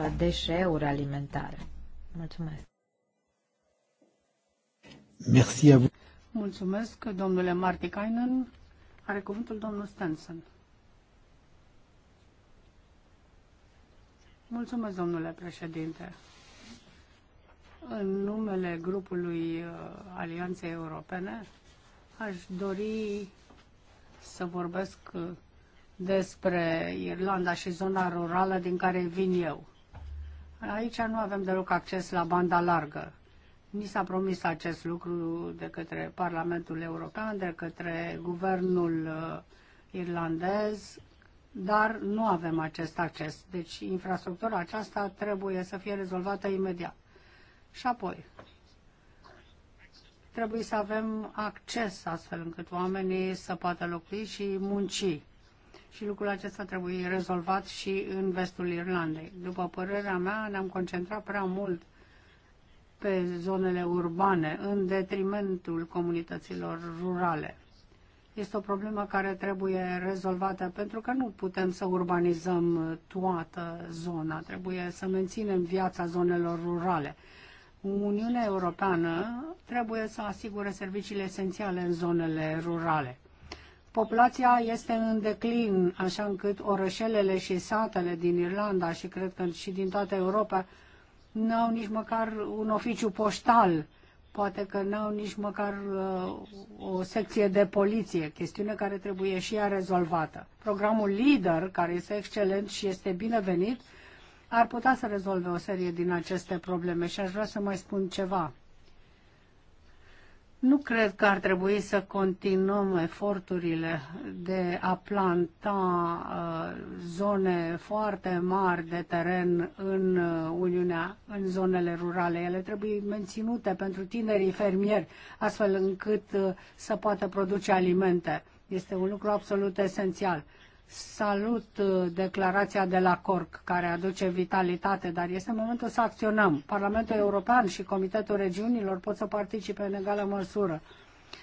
Uh, deșeuri alimentare. Mulțumesc! Merci a vous. Mulțumesc, domnule Martikainen. Are cuvântul domnul Stenson. Mulțumesc, domnule președinte. În numele grupului uh, Alianței Europene aș dori să vorbesc uh, despre Irlanda și zona rurală din care vin eu. Aici nu avem deloc acces la banda largă. Ni s-a promis acest lucru de către Parlamentul European, de către guvernul uh, irlandez, dar nu avem acest acces. Deci infrastructura aceasta trebuie să fie rezolvată imediat. Și apoi, trebuie să avem acces astfel încât oamenii să poată locui și munci și lucrul acesta trebuie rezolvat și în vestul Irlandei. După părerea mea, ne-am concentrat prea mult pe zonele urbane, în detrimentul comunităților rurale. Este o problemă care trebuie rezolvată pentru că nu putem să urbanizăm toată zona. Trebuie să menținem viața zonelor rurale. Uniunea Europeană trebuie să asigure serviciile esențiale în zonele rurale. Populația este în declin, așa încât orășelele și satele din Irlanda și cred că și din toată Europa nu au nici măcar un oficiu poștal, poate că nu au nici măcar uh, o secție de poliție, chestiune care trebuie și ea rezolvată. Programul LIDER, care este excelent și este binevenit, ar putea să rezolve o serie din aceste probleme și aș vrea să mai spun ceva. Nu cred că ar trebui să continuăm eforturile de a planta uh, zone foarte mari de teren în uh, Uniunea, în zonele rurale. Ele trebuie menținute pentru tinerii fermieri, astfel încât uh, să poată produce alimente. Este un lucru absolut esențial. Salut uh, declarația de la Corc, care aduce vitalitate, dar este momentul să acționăm. Parlamentul European și Comitetul Regiunilor pot să participe în egală măsură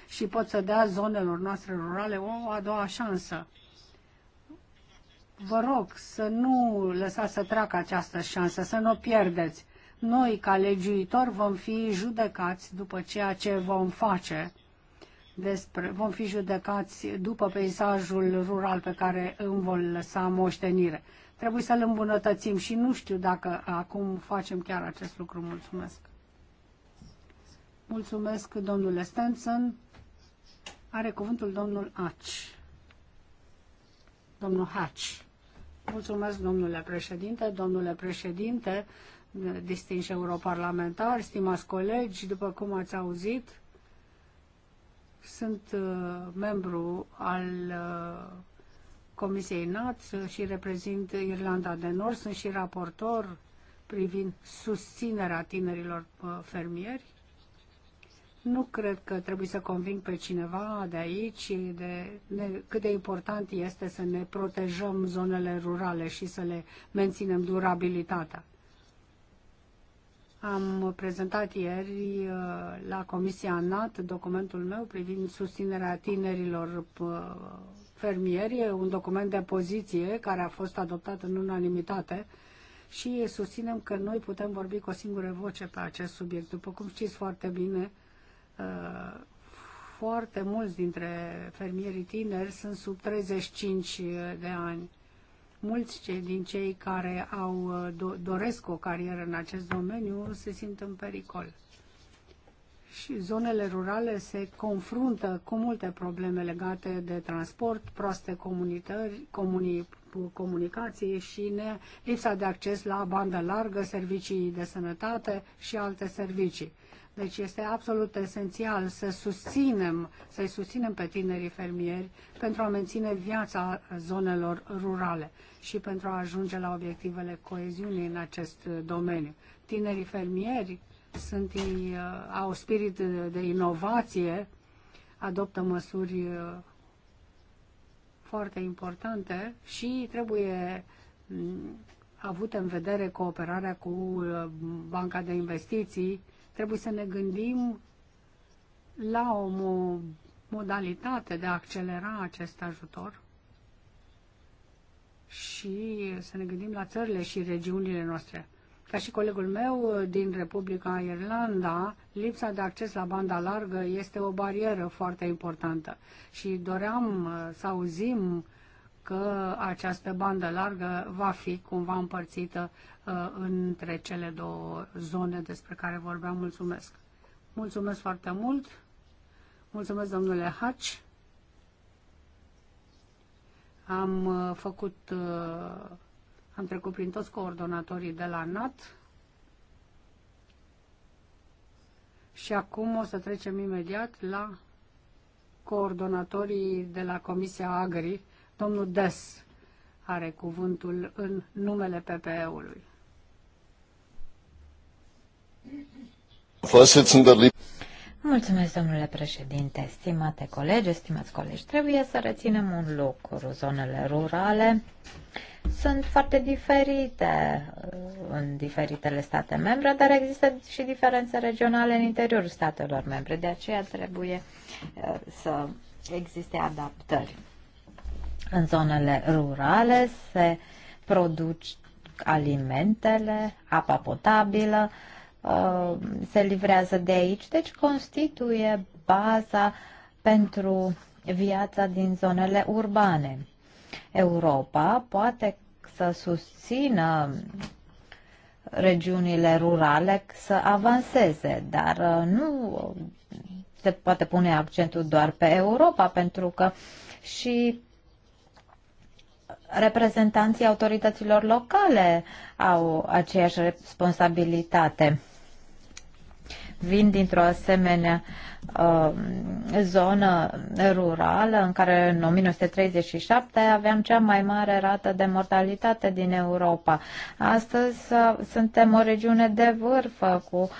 și pot să dea zonelor noastre rurale o a doua șansă. Vă rog să nu lăsați să treacă această șansă, să nu o pierdeți. Noi, ca legiuitori, vom fi judecați după ceea ce vom face despre, vom fi judecați după peisajul rural pe care îmi vom lăsa moștenire. Trebuie să-l îmbunătățim și nu știu dacă acum facem chiar acest lucru. Mulțumesc! Mulțumesc, domnule Stenson. Are cuvântul domnul Hatch Domnul Haci. Mulțumesc, domnule președinte. Domnule președinte, distinși europarlamentari, stimați colegi, după cum ați auzit, sunt uh, membru al uh, Comisiei NAT și reprezint Irlanda de Nord. Sunt și raportor privind susținerea tinerilor uh, fermieri. Nu cred că trebuie să conving pe cineva de aici de ne, cât de important este să ne protejăm zonele rurale și să le menținem durabilitatea. Am prezentat ieri uh, la Comisia NAT documentul meu privind susținerea tinerilor uh, fermieri, un document de poziție care a fost adoptat în unanimitate și susținem că noi putem vorbi cu o singură voce pe acest subiect. După cum știți foarte bine, uh, foarte mulți dintre fermierii tineri sunt sub 35 de ani mulți cei din cei care au, uh, doresc o carieră în acest domeniu se simt în pericol. Și zonele rurale se confruntă cu multe probleme legate de transport, proaste comunități, comunicației și ne, lipsa de acces la bandă largă, servicii de sănătate și alte servicii. Deci este absolut esențial să susținem, să-i susținem pe tinerii fermieri pentru a menține viața zonelor rurale și pentru a ajunge la obiectivele coeziunii în acest domeniu. Tinerii fermieri sunt, uh, au spirit de inovație, adoptă măsuri uh, foarte importante și trebuie mm, avut în vedere cooperarea cu uh, Banca de Investiții. Trebuie să ne gândim la o modalitate de a accelera acest ajutor și să ne gândim la țările și regiunile noastre. Ca și colegul meu din Republica Irlanda, lipsa de acces la banda largă este o barieră foarte importantă și doream uh, să auzim că această bandă largă va fi cumva împărțită uh, între cele două zone despre care vorbeam. Mulțumesc! Mulțumesc foarte mult! Mulțumesc, domnule Haci! Am uh, făcut uh, am trecut prin toți coordonatorii de la NAT și acum o să trecem imediat la coordonatorii de la Comisia Agri. Domnul Des are cuvântul în numele PPE-ului. Mulțumesc, domnule președinte, stimate colegi, stimați colegi. Trebuie să reținem un lucru. Zonele rurale sunt foarte diferite uh, în diferitele state membre, dar există și diferențe regionale în interiorul statelor membre. De aceea trebuie uh, să existe adaptări. În zonele rurale se produc alimentele, apa potabilă, Uh, se livrează de aici, deci constituie baza pentru viața din zonele urbane. Europa poate să susțină regiunile rurale să avanseze, dar uh, nu se poate pune accentul doar pe Europa, pentru că și reprezentanții autorităților locale au aceeași responsabilitate vin dintr-o asemenea uh, zonă rurală în care în 1937 aveam cea mai mare rată de mortalitate din Europa. Astăzi uh, suntem o regiune de vârf uh, cu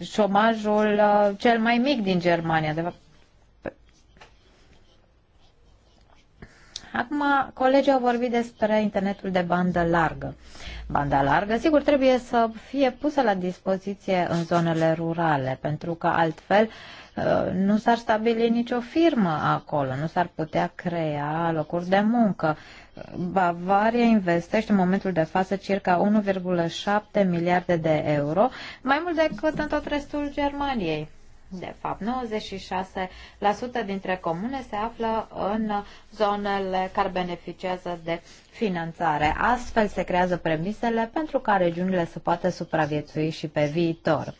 șomajul cel mai mic din Germania, de fapt Acum, colegii au vorbit despre internetul de bandă largă. Banda largă, sigur, trebuie să fie pusă la dispoziție în zonele rurale, pentru că altfel uh, nu s-ar stabili nicio firmă acolo, nu s-ar putea crea locuri de muncă. Bavaria investește în momentul de față circa 1,7 miliarde de euro, mai mult decât în tot restul Germaniei. De fapt, 96% dintre comune se află în zonele care beneficiază de finanțare. Astfel se creează premisele pentru ca regiunile să poată supraviețui și pe viitor.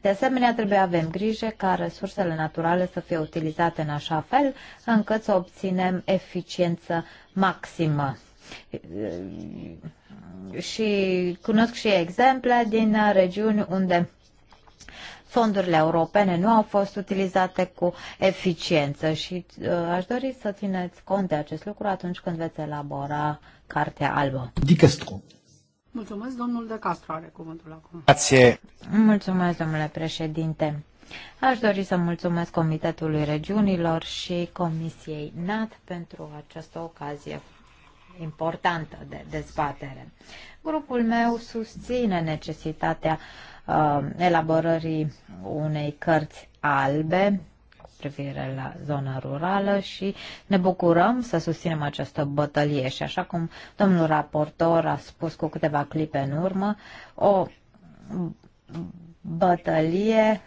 De asemenea, trebuie avem grijă ca resursele naturale să fie utilizate în așa fel încât să obținem eficiență maximă. Și cunosc și exemple din regiuni unde fondurile europene nu au fost utilizate cu eficiență și uh, aș dori să țineți cont de acest lucru atunci când veți elabora Cartea Albă. Dicăstru. Mulțumesc, domnul De Castro are cuvântul acum. Grație. Mulțumesc, domnule președinte. Aș dori să mulțumesc Comitetului Regiunilor și Comisiei NAT pentru această ocazie importantă de dezbatere. Grupul meu susține necesitatea uh, elaborării unei cărți albe privire la zona rurală și ne bucurăm să susținem această bătălie și așa cum domnul raportor a spus cu câteva clipe în urmă, o bătălie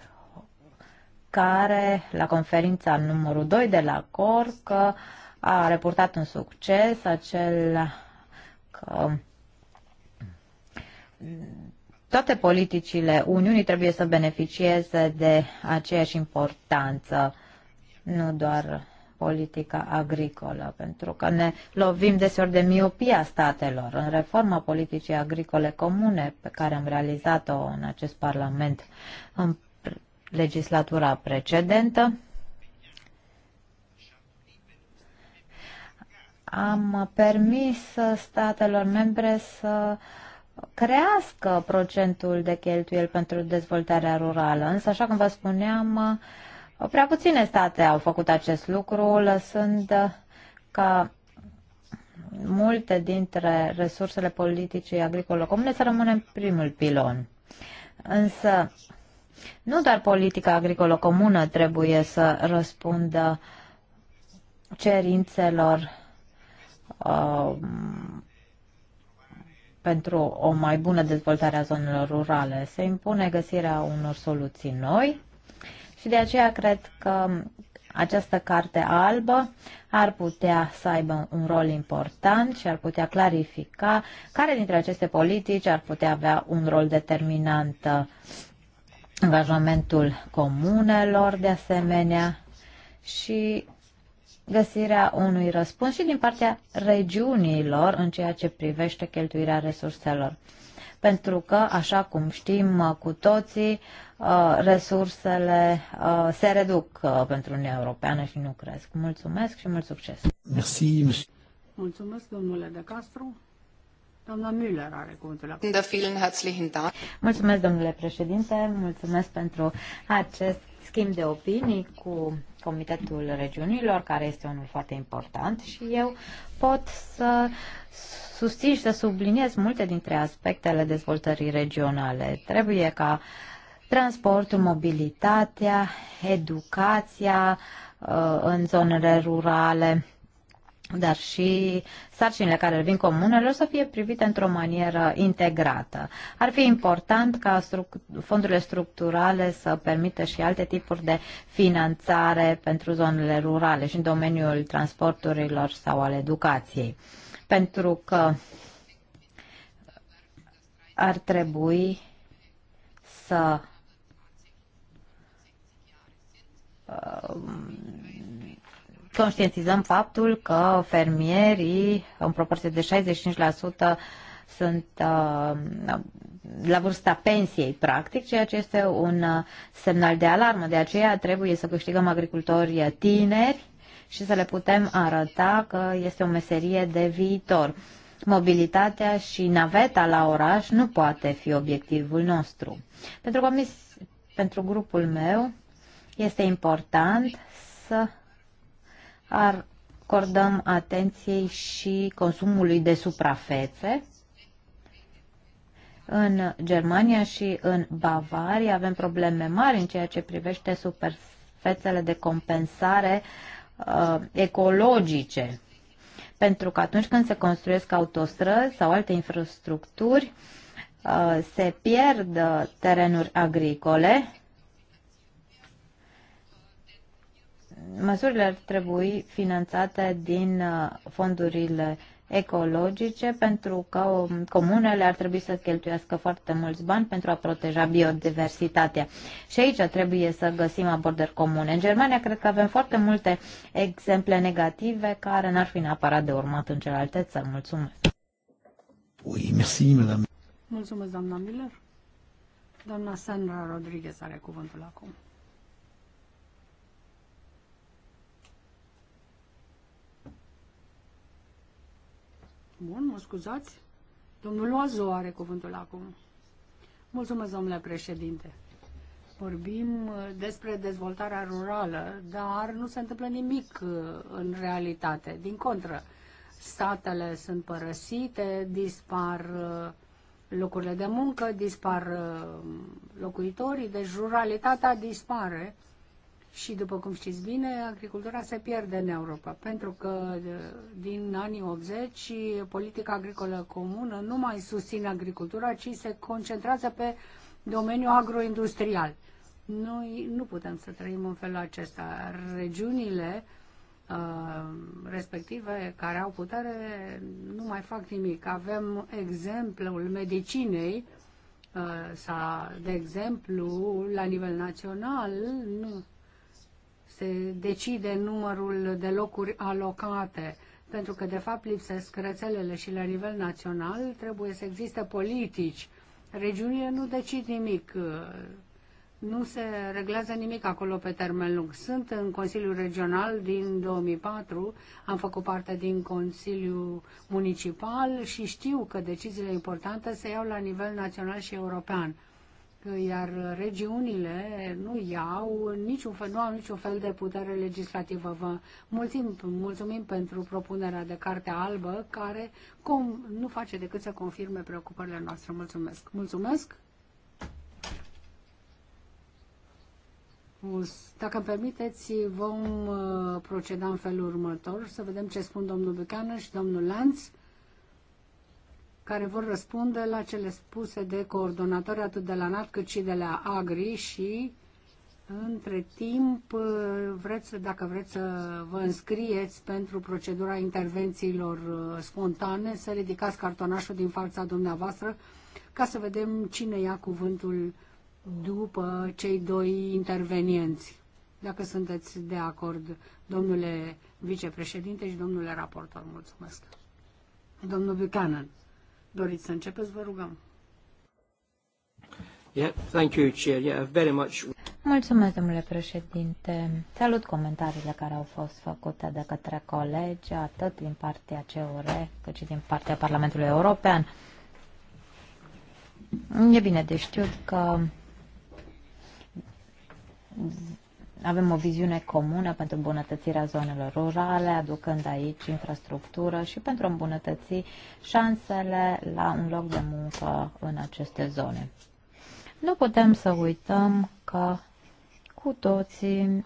care la conferința numărul 2 de la Corc a reportat un succes, acel că toate politicile Uniunii trebuie să beneficieze de aceeași importanță, nu doar politica agricolă, pentru că ne lovim deseori de miopia statelor. În reforma politicii agricole comune pe care am realizat-o în acest Parlament în legislatura precedentă, am permis statelor membre să uh, crească procentul de cheltuieli pentru dezvoltarea rurală. Însă, așa cum vă spuneam, prea puține state au făcut acest lucru, lăsând ca multe dintre resursele politicii agricole comune să rămână în primul pilon. Însă, nu doar politica agricolă comună trebuie să răspundă cerințelor uh, pentru o mai bună dezvoltare a zonelor rurale. Se impune găsirea unor soluții noi și de aceea cred că această carte albă ar putea să aibă un rol important și ar putea clarifica care dintre aceste politici ar putea avea un rol determinant uh, angajamentul comunelor de asemenea și găsirea unui răspuns și din partea regiunilor în ceea ce privește cheltuirea resurselor. Pentru că, așa cum știm cu toții, uh, resursele uh, se reduc uh, pentru Uniunea Europeană și nu cresc. Mulțumesc și mult succes! Merci. Mulțumesc, domnule De Castro. Doamna Müller are cuvântul. Da, mulțumesc, domnule președinte, mulțumesc pentru acest schimb de opinii cu Comitetul Regiunilor, care este unul foarte important și eu pot să susțin și să subliniez multe dintre aspectele dezvoltării regionale. Trebuie ca transportul, mobilitatea, educația uh, în zonele rurale, dar și sarcinile care revin comunelor să fie privite într-o manieră integrată. Ar fi important ca struc- fondurile structurale să permită și alte tipuri de finanțare pentru zonele rurale și în domeniul transporturilor sau al educației. Pentru că ar trebui să uh, conștientizăm faptul că fermierii, în proporție de 65%, sunt uh, la vârsta pensiei, practic, ceea ce este un uh, semnal de alarmă. De aceea trebuie să câștigăm agricultori tineri și să le putem arăta că este o meserie de viitor. Mobilitatea și naveta la oraș nu poate fi obiectivul nostru. Pentru, comis, pentru grupul meu este important să acordăm atenției și consumului de suprafețe. În Germania și în Bavaria avem probleme mari în ceea ce privește suprafețele de compensare uh, ecologice. Pentru că atunci când se construiesc autostrăzi sau alte infrastructuri, uh, se pierd uh, terenuri agricole măsurile ar trebui finanțate din uh, fondurile ecologice pentru că um, comunele ar trebui să cheltuiască foarte mulți bani pentru a proteja biodiversitatea. Și aici trebuie să găsim abordări comune. În Germania cred că avem foarte multe exemple negative care n-ar fi neapărat de urmat în celelalte țări. Mulțumesc! Oui, merci, madame. Mulțumesc, doamna Miller. Doamna Sandra Rodriguez are cuvântul acum. Bun, mă scuzați. Domnul Loazo are cuvântul acum. Mulțumesc, domnule președinte. Vorbim uh, despre dezvoltarea rurală, dar nu se întâmplă nimic uh, în realitate. Din contră, statele sunt părăsite, dispar uh, locurile de muncă, dispar locuitorii, deci ruralitatea dispare și după cum știți bine, agricultura se pierde în Europa, pentru că din anii 80 politica agricolă comună nu mai susține agricultura, ci se concentrează pe domeniul agroindustrial. Noi nu putem să trăim în felul acesta. Regiunile uh, respective care au putere nu mai fac nimic. Avem exemplul medicinei, uh, sau, de exemplu, la nivel național, nu, se decide numărul de locuri alocate, pentru că de fapt lipsesc rețelele și la nivel național trebuie să existe politici. Regiunile nu decid nimic, nu se reglează nimic acolo pe termen lung. Sunt în Consiliul Regional din 2004, am făcut parte din Consiliul Municipal și știu că deciziile importante se iau la nivel național și european iar regiunile nu iau niciun fel, nu au niciun fel de putere legislativă. Vă mulțumim, mulțumim pentru propunerea de carte albă care com, nu face decât să confirme preocupările noastre. Mulțumesc. Mulțumesc. Dacă îmi permiteți, vom uh, proceda în felul următor, să vedem ce spun domnul Buchanan și domnul Lanț care vor răspunde la cele spuse de coordonatori atât de la NAT cât și de la AGRI și între timp, vreți, dacă vreți să vă înscrieți pentru procedura intervențiilor uh, spontane, să ridicați cartonașul din fața dumneavoastră ca să vedem cine ia cuvântul după cei doi intervenienți. Dacă sunteți de acord, domnule vicepreședinte și domnule raportor, mulțumesc. Domnul Buchanan. Doriți să începeți, vă rugăm. Yeah, thank you, Chair. Yeah, very much. Mulțumesc, domnule președinte. Salut comentariile care au fost făcute de către colegi, atât din partea CUR, cât și din partea Parlamentului European. E bine de știut că avem o viziune comună pentru îmbunătățirea zonelor rurale, aducând aici infrastructură și pentru a îmbunătăți șansele la un loc de muncă în aceste zone. Nu putem să uităm că cu toții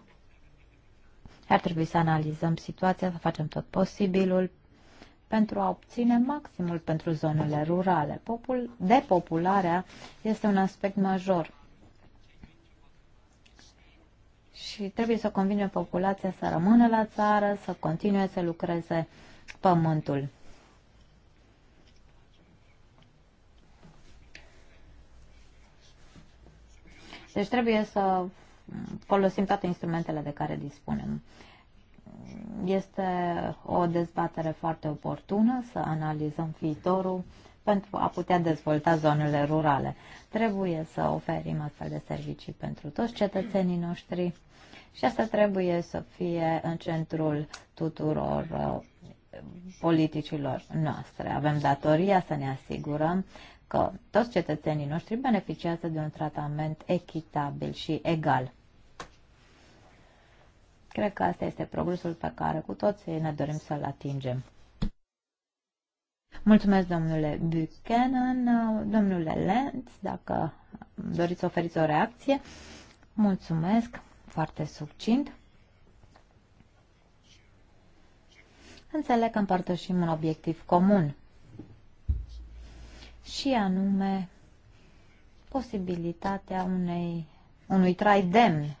ar trebui să analizăm situația, să facem tot posibilul pentru a obține maximul pentru zonele rurale. Popul, depopularea este un aspect major și trebuie să convine populația să rămână la țară, să continue să lucreze pământul. Deci trebuie să folosim toate instrumentele de care dispunem. Este o dezbatere foarte oportună să analizăm viitorul pentru a putea dezvolta zonele rurale. Trebuie să oferim astfel de servicii pentru toți cetățenii noștri și asta trebuie să fie în centrul tuturor uh, politicilor noastre. Avem datoria să ne asigurăm că toți cetățenii noștri beneficiază de un tratament echitabil și egal. Cred că asta este progresul pe care cu toții ne dorim să-l atingem. Mulțumesc, domnule Buchanan. Domnule Lenz, dacă doriți să oferiți o reacție, mulțumesc foarte succint. Înțeleg că împărtășim un obiectiv comun și anume posibilitatea unei, unui trai demn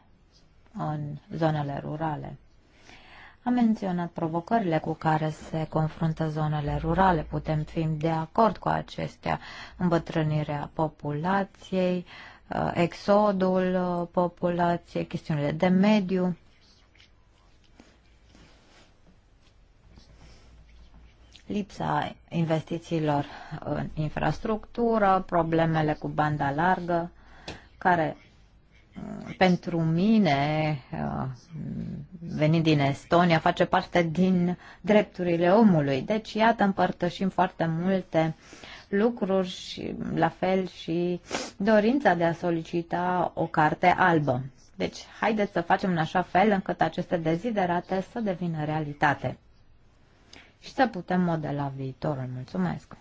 în zonele rurale. Am menționat provocările cu care se confruntă zonele rurale. Putem fi de acord cu acestea. Îmbătrânirea populației, uh, Uh, exodul uh, populației, chestiunile de mediu. lipsa investițiilor în infrastructură, problemele cu banda largă, care mm, pentru mine, uh, venind din Estonia, face parte din drepturile omului. Deci, iată, împărtășim foarte multe lucruri și la fel și dorința de a solicita o carte albă. Deci, haideți să facem în așa fel încât aceste deziderate să devină realitate și să putem modela viitorul. Mulțumesc!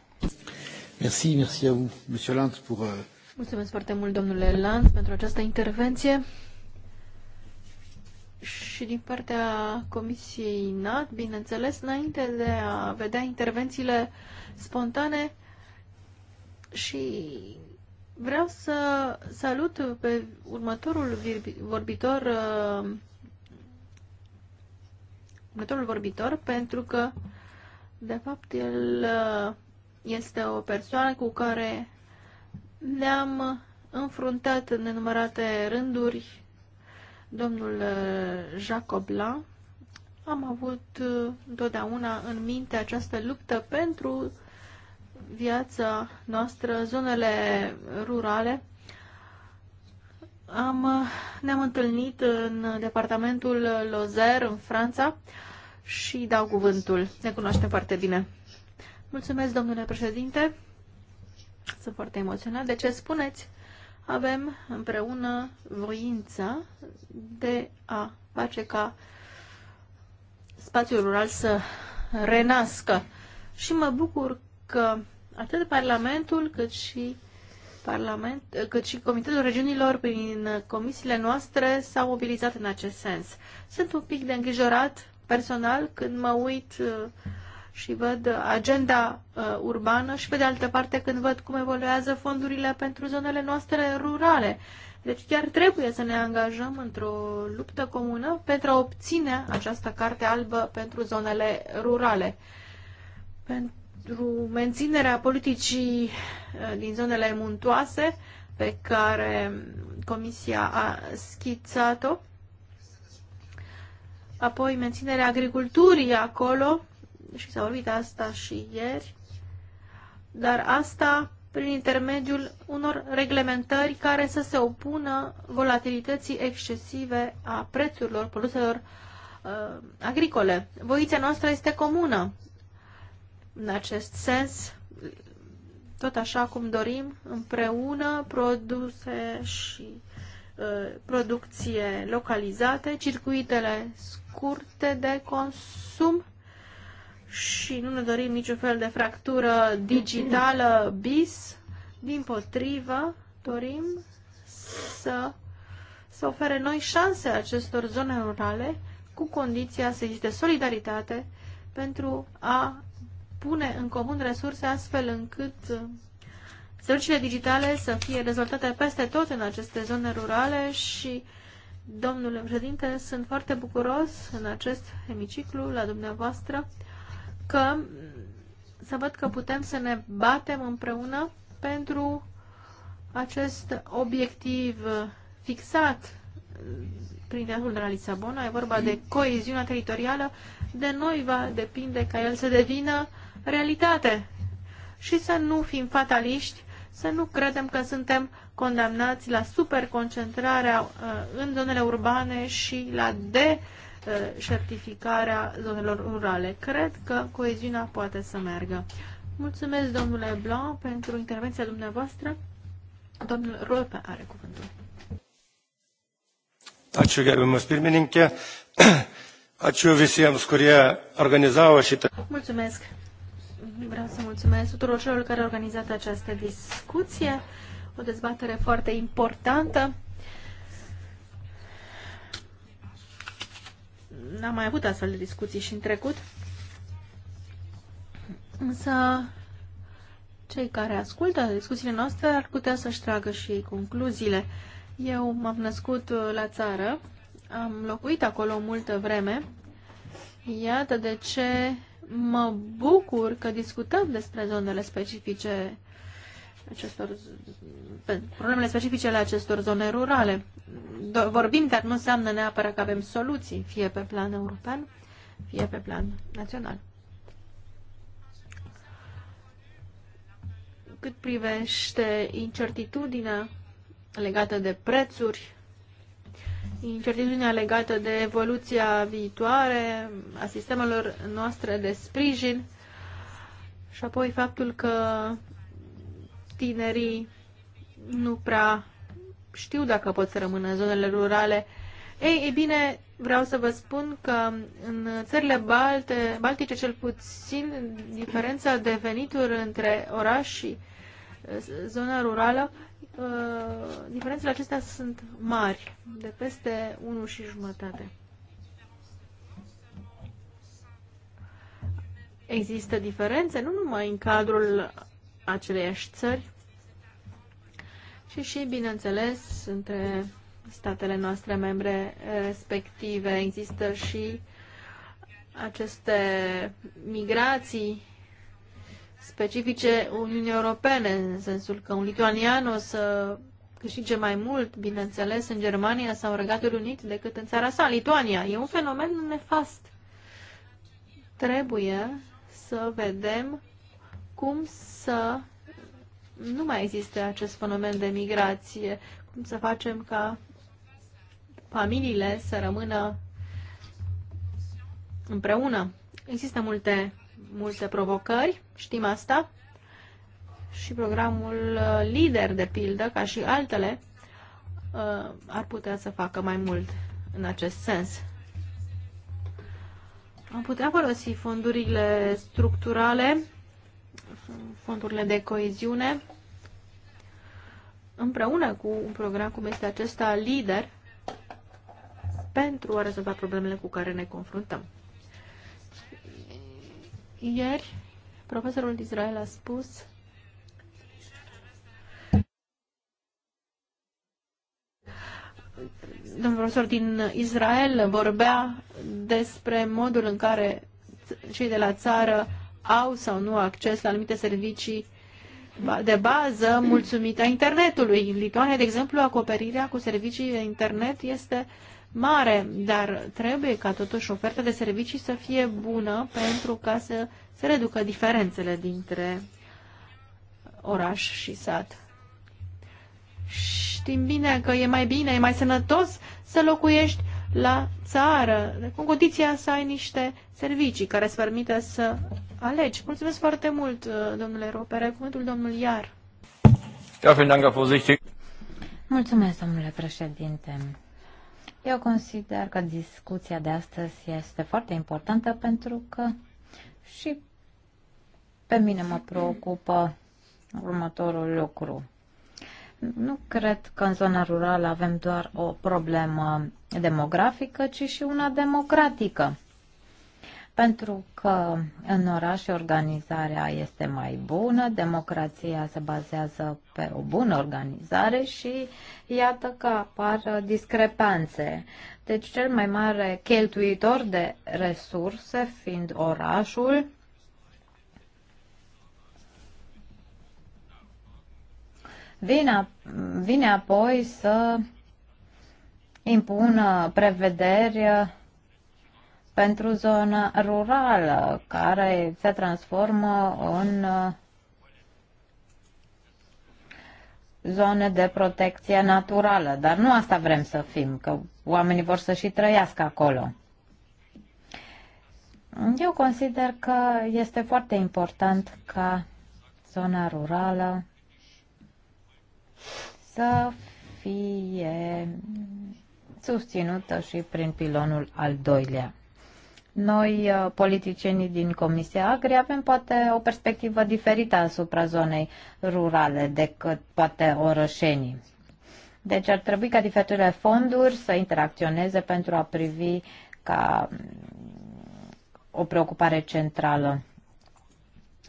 Merci, merci à vous, Monsieur Lanz, pour... Euh, Mulțumesc foarte mult, domnule Lanz, pentru această intervenție. Și din partea Comisiei NAT, bineînțeles, înainte de a vedea intervențiile spontane, și vreau să salut pe următorul vorbitor uh, următorul vorbitor pentru că de fapt el uh, este o persoană cu care ne-am înfruntat în nenumărate rânduri domnul uh, Jacob La. Am avut întotdeauna în minte această luptă pentru viața noastră, zonele rurale. Am, ne-am întâlnit în departamentul Lozer, în Franța, și dau cuvântul. Ne cunoaștem foarte bine. Mulțumesc, domnule președinte. Sunt foarte emoționat. De ce spuneți? Avem împreună voința de a face ca spațiul rural să renască. Și mă bucur că atât Parlamentul cât și Parlament, cât și Comitetul Regiunilor prin comisiile noastre s-au mobilizat în acest sens. Sunt un pic de îngrijorat personal când mă uit uh, și văd agenda uh, urbană și pe de altă parte când văd cum evoluează fondurile pentru zonele noastre rurale. Deci chiar trebuie să ne angajăm într-o luptă comună pentru a obține această carte albă pentru zonele rurale. Pentru pentru menținerea politicii eh, din zonele muntoase pe care Comisia a schițat-o, apoi menținerea agriculturii acolo, și s-a vorbit asta și ieri, dar asta prin intermediul unor reglementări care să se opună volatilității excesive a prețurilor produselor uh, agricole. Voința noastră este comună în acest sens, tot așa cum dorim, împreună produse și uh, producție localizate, circuitele scurte de consum și nu ne dorim niciun fel de fractură digitală bis, din potrivă dorim să, să ofere noi șanse acestor zone rurale cu condiția să existe solidaritate pentru a pune în comun resurse astfel încât uh, serviciile digitale să fie dezvoltate peste tot în aceste zone rurale și, domnule președinte, sunt foarte bucuros în acest hemiciclu la dumneavoastră că mm, să văd că putem să ne batem împreună pentru acest obiectiv uh, fixat mm, prin tratatul de la Lisabona, e vorba de coeziunea teritorială, de noi va depinde ca el să devină realitate și să nu fim fataliști, să nu credem că suntem condamnați la superconcentrarea uh, în zonele urbane și la deșertificarea zonelor rurale. Cred că coeziunea poate să meargă. Mulțumesc, domnule Blanc, pentru intervenția dumneavoastră. Domnul Rolpe are cuvântul. Ačiū gerbiamas pirmininkė, ačiū visiems, kurie organizavo šitą. Mulțumesc. Vreau să mulțumesc tuturor celor care au organizat această discuție, o dezbatere foarte importantă. N-am mai avut astfel de discuții și în trecut, însă cei care ascultă discuțiile noastre ar putea să-și tragă și ei concluziile. Eu m-am născut uh, la țară, am locuit acolo multă vreme, iată de ce Mă bucur că discutăm despre zonele specifice acestor problemele specifice ale acestor zone rurale. Vorbim, dar nu înseamnă neapărat că avem soluții, fie pe plan european, fie pe plan național. Cât privește incertitudinea legată de prețuri incertitudinea legată de evoluția viitoare a sistemelor noastre de sprijin și apoi faptul că tinerii nu prea știu dacă pot să rămână în zonele rurale. Ei, ei bine, vreau să vă spun că în țările balte, baltice cel puțin diferența de venituri între orașii zona rurală, uh, diferențele acestea sunt mari, de peste 1 și jumătate. Există diferențe nu numai în cadrul aceleiași țări, ci și, bineînțeles, între statele noastre membre respective. Există și aceste migrații specifice Uniunii Europene, în sensul că un lituanian o să câștige mai mult, bineînțeles, în Germania sau în Regatul Unit decât în țara sa, Lituania. E un fenomen nefast. Trebuie să vedem cum să nu mai există acest fenomen de migrație, cum să facem ca familiile să rămână împreună. Există multe multe provocări, știm asta, și programul uh, LIDER, de pildă, ca și altele, uh, ar putea să facă mai mult în acest sens. Am putea folosi fondurile structurale, fondurile de coeziune, împreună cu un program cum este acesta LIDER, pentru a rezolva problemele cu care ne confruntăm. Ieri, profesorul Israel a spus domnul profesor din Israel vorbea despre modul în care cei de la țară au sau nu acces la anumite servicii de bază mulțumită internetului. În Lituania, de exemplu, acoperirea cu servicii de internet este uh, mare, dar trebuie ca totuși oferta de servicii să fie bună pentru ca să se reducă diferențele dintre oraș și sat. Știm bine că e mai bine, e mai sănătos să locuiești la țară, cu condiția să ai niște servicii care să permită să alegi. Mulțumesc foarte mult, domnule Ropere. Cuvântul domnul Iar. Mulțumesc, domnule președinte. Eu consider că discuția de astăzi este foarte importantă pentru că și pe mine mă preocupă următorul lucru. Nu cred că în zona rurală avem doar o problemă demografică, ci și una democratică pentru că în oraș organizarea este mai bună, democrația se bazează pe o bună organizare și iată că apar discrepanțe. Deci cel mai mare cheltuitor de resurse fiind orașul, vine, vine apoi să impună prevederi pentru zona rurală, care se transformă în uh, zone de protecție naturală. Dar nu asta vrem să fim, că oamenii vor să și trăiască acolo. Eu consider că este foarte important ca zona rurală să fie susținută și prin pilonul al doilea. Noi, uh, politicienii din Comisia Agri, avem poate o perspectivă diferită asupra zonei rurale decât poate orășenii. Deci ar trebui ca diferitele fonduri să interacționeze pentru a privi ca mm, o preocupare centrală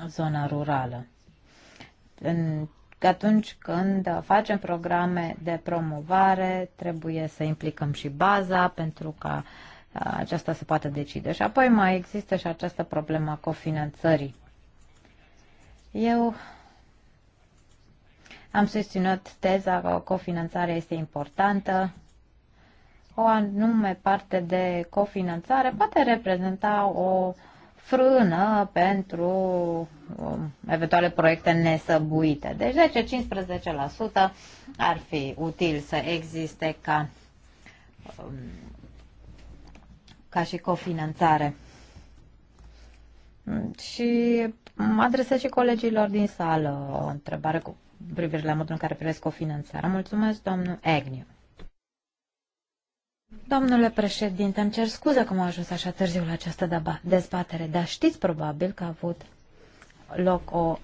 zona rurală. În, atunci când facem programe de promovare, trebuie să implicăm și baza pentru ca uh, aceasta se poate decide. Și apoi mai există și această problemă a cofinanțării. Eu am susținut teza că cofinanțarea este importantă. O anume parte de cofinanțare poate reprezenta o frână pentru um, eventuale proiecte nesăbuite. Deci 10-15% ar fi util să existe ca um, ca și cofinanțare. Mm, și mă adresez și colegilor din sală o întrebare cu privire la modul în care privesc cofinanțarea. Mulțumesc, domnul Agnew. Domnule președinte, îmi cer scuze că m-a ajuns așa târziu la această dezbatere, dar știți probabil că a avut loc o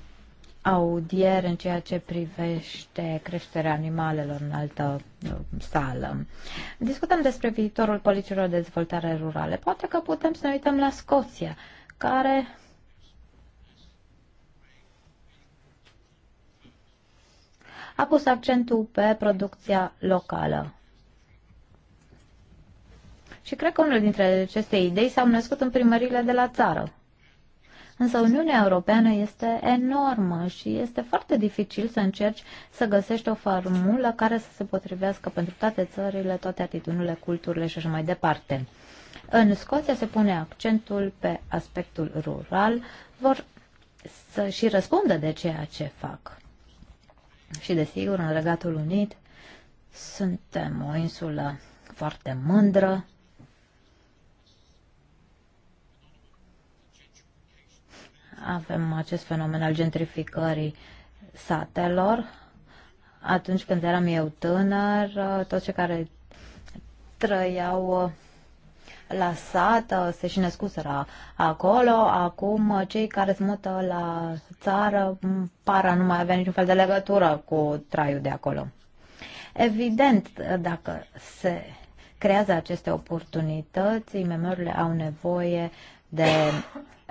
audier în ceea ce privește creșterea animalelor în altă uh, sală. Discutăm despre viitorul politicilor de dezvoltare rurale. Poate că putem să ne uităm la Scoția, care a pus accentul pe producția locală. Și cred că unul dintre aceste idei s-au născut în primările de la țară. Însă Uniunea Europeană este enormă și este foarte dificil să încerci să găsești o formulă care să se potrivească pentru toate țările, toate atitudinile, culturile și așa mai departe. În Scoția se pune accentul pe aspectul rural, vor să și răspundă de ceea ce fac. Și desigur, în Regatul Unit suntem o insulă foarte mândră, avem acest fenomen al gentrificării satelor. Atunci când eram eu tânăr, toți cei care trăiau la sat, se și născuseră acolo. Acum, cei care se mută la țară, par nu mai avea niciun fel de legătură cu traiul de acolo. Evident, dacă se creează aceste oportunități, imm au nevoie de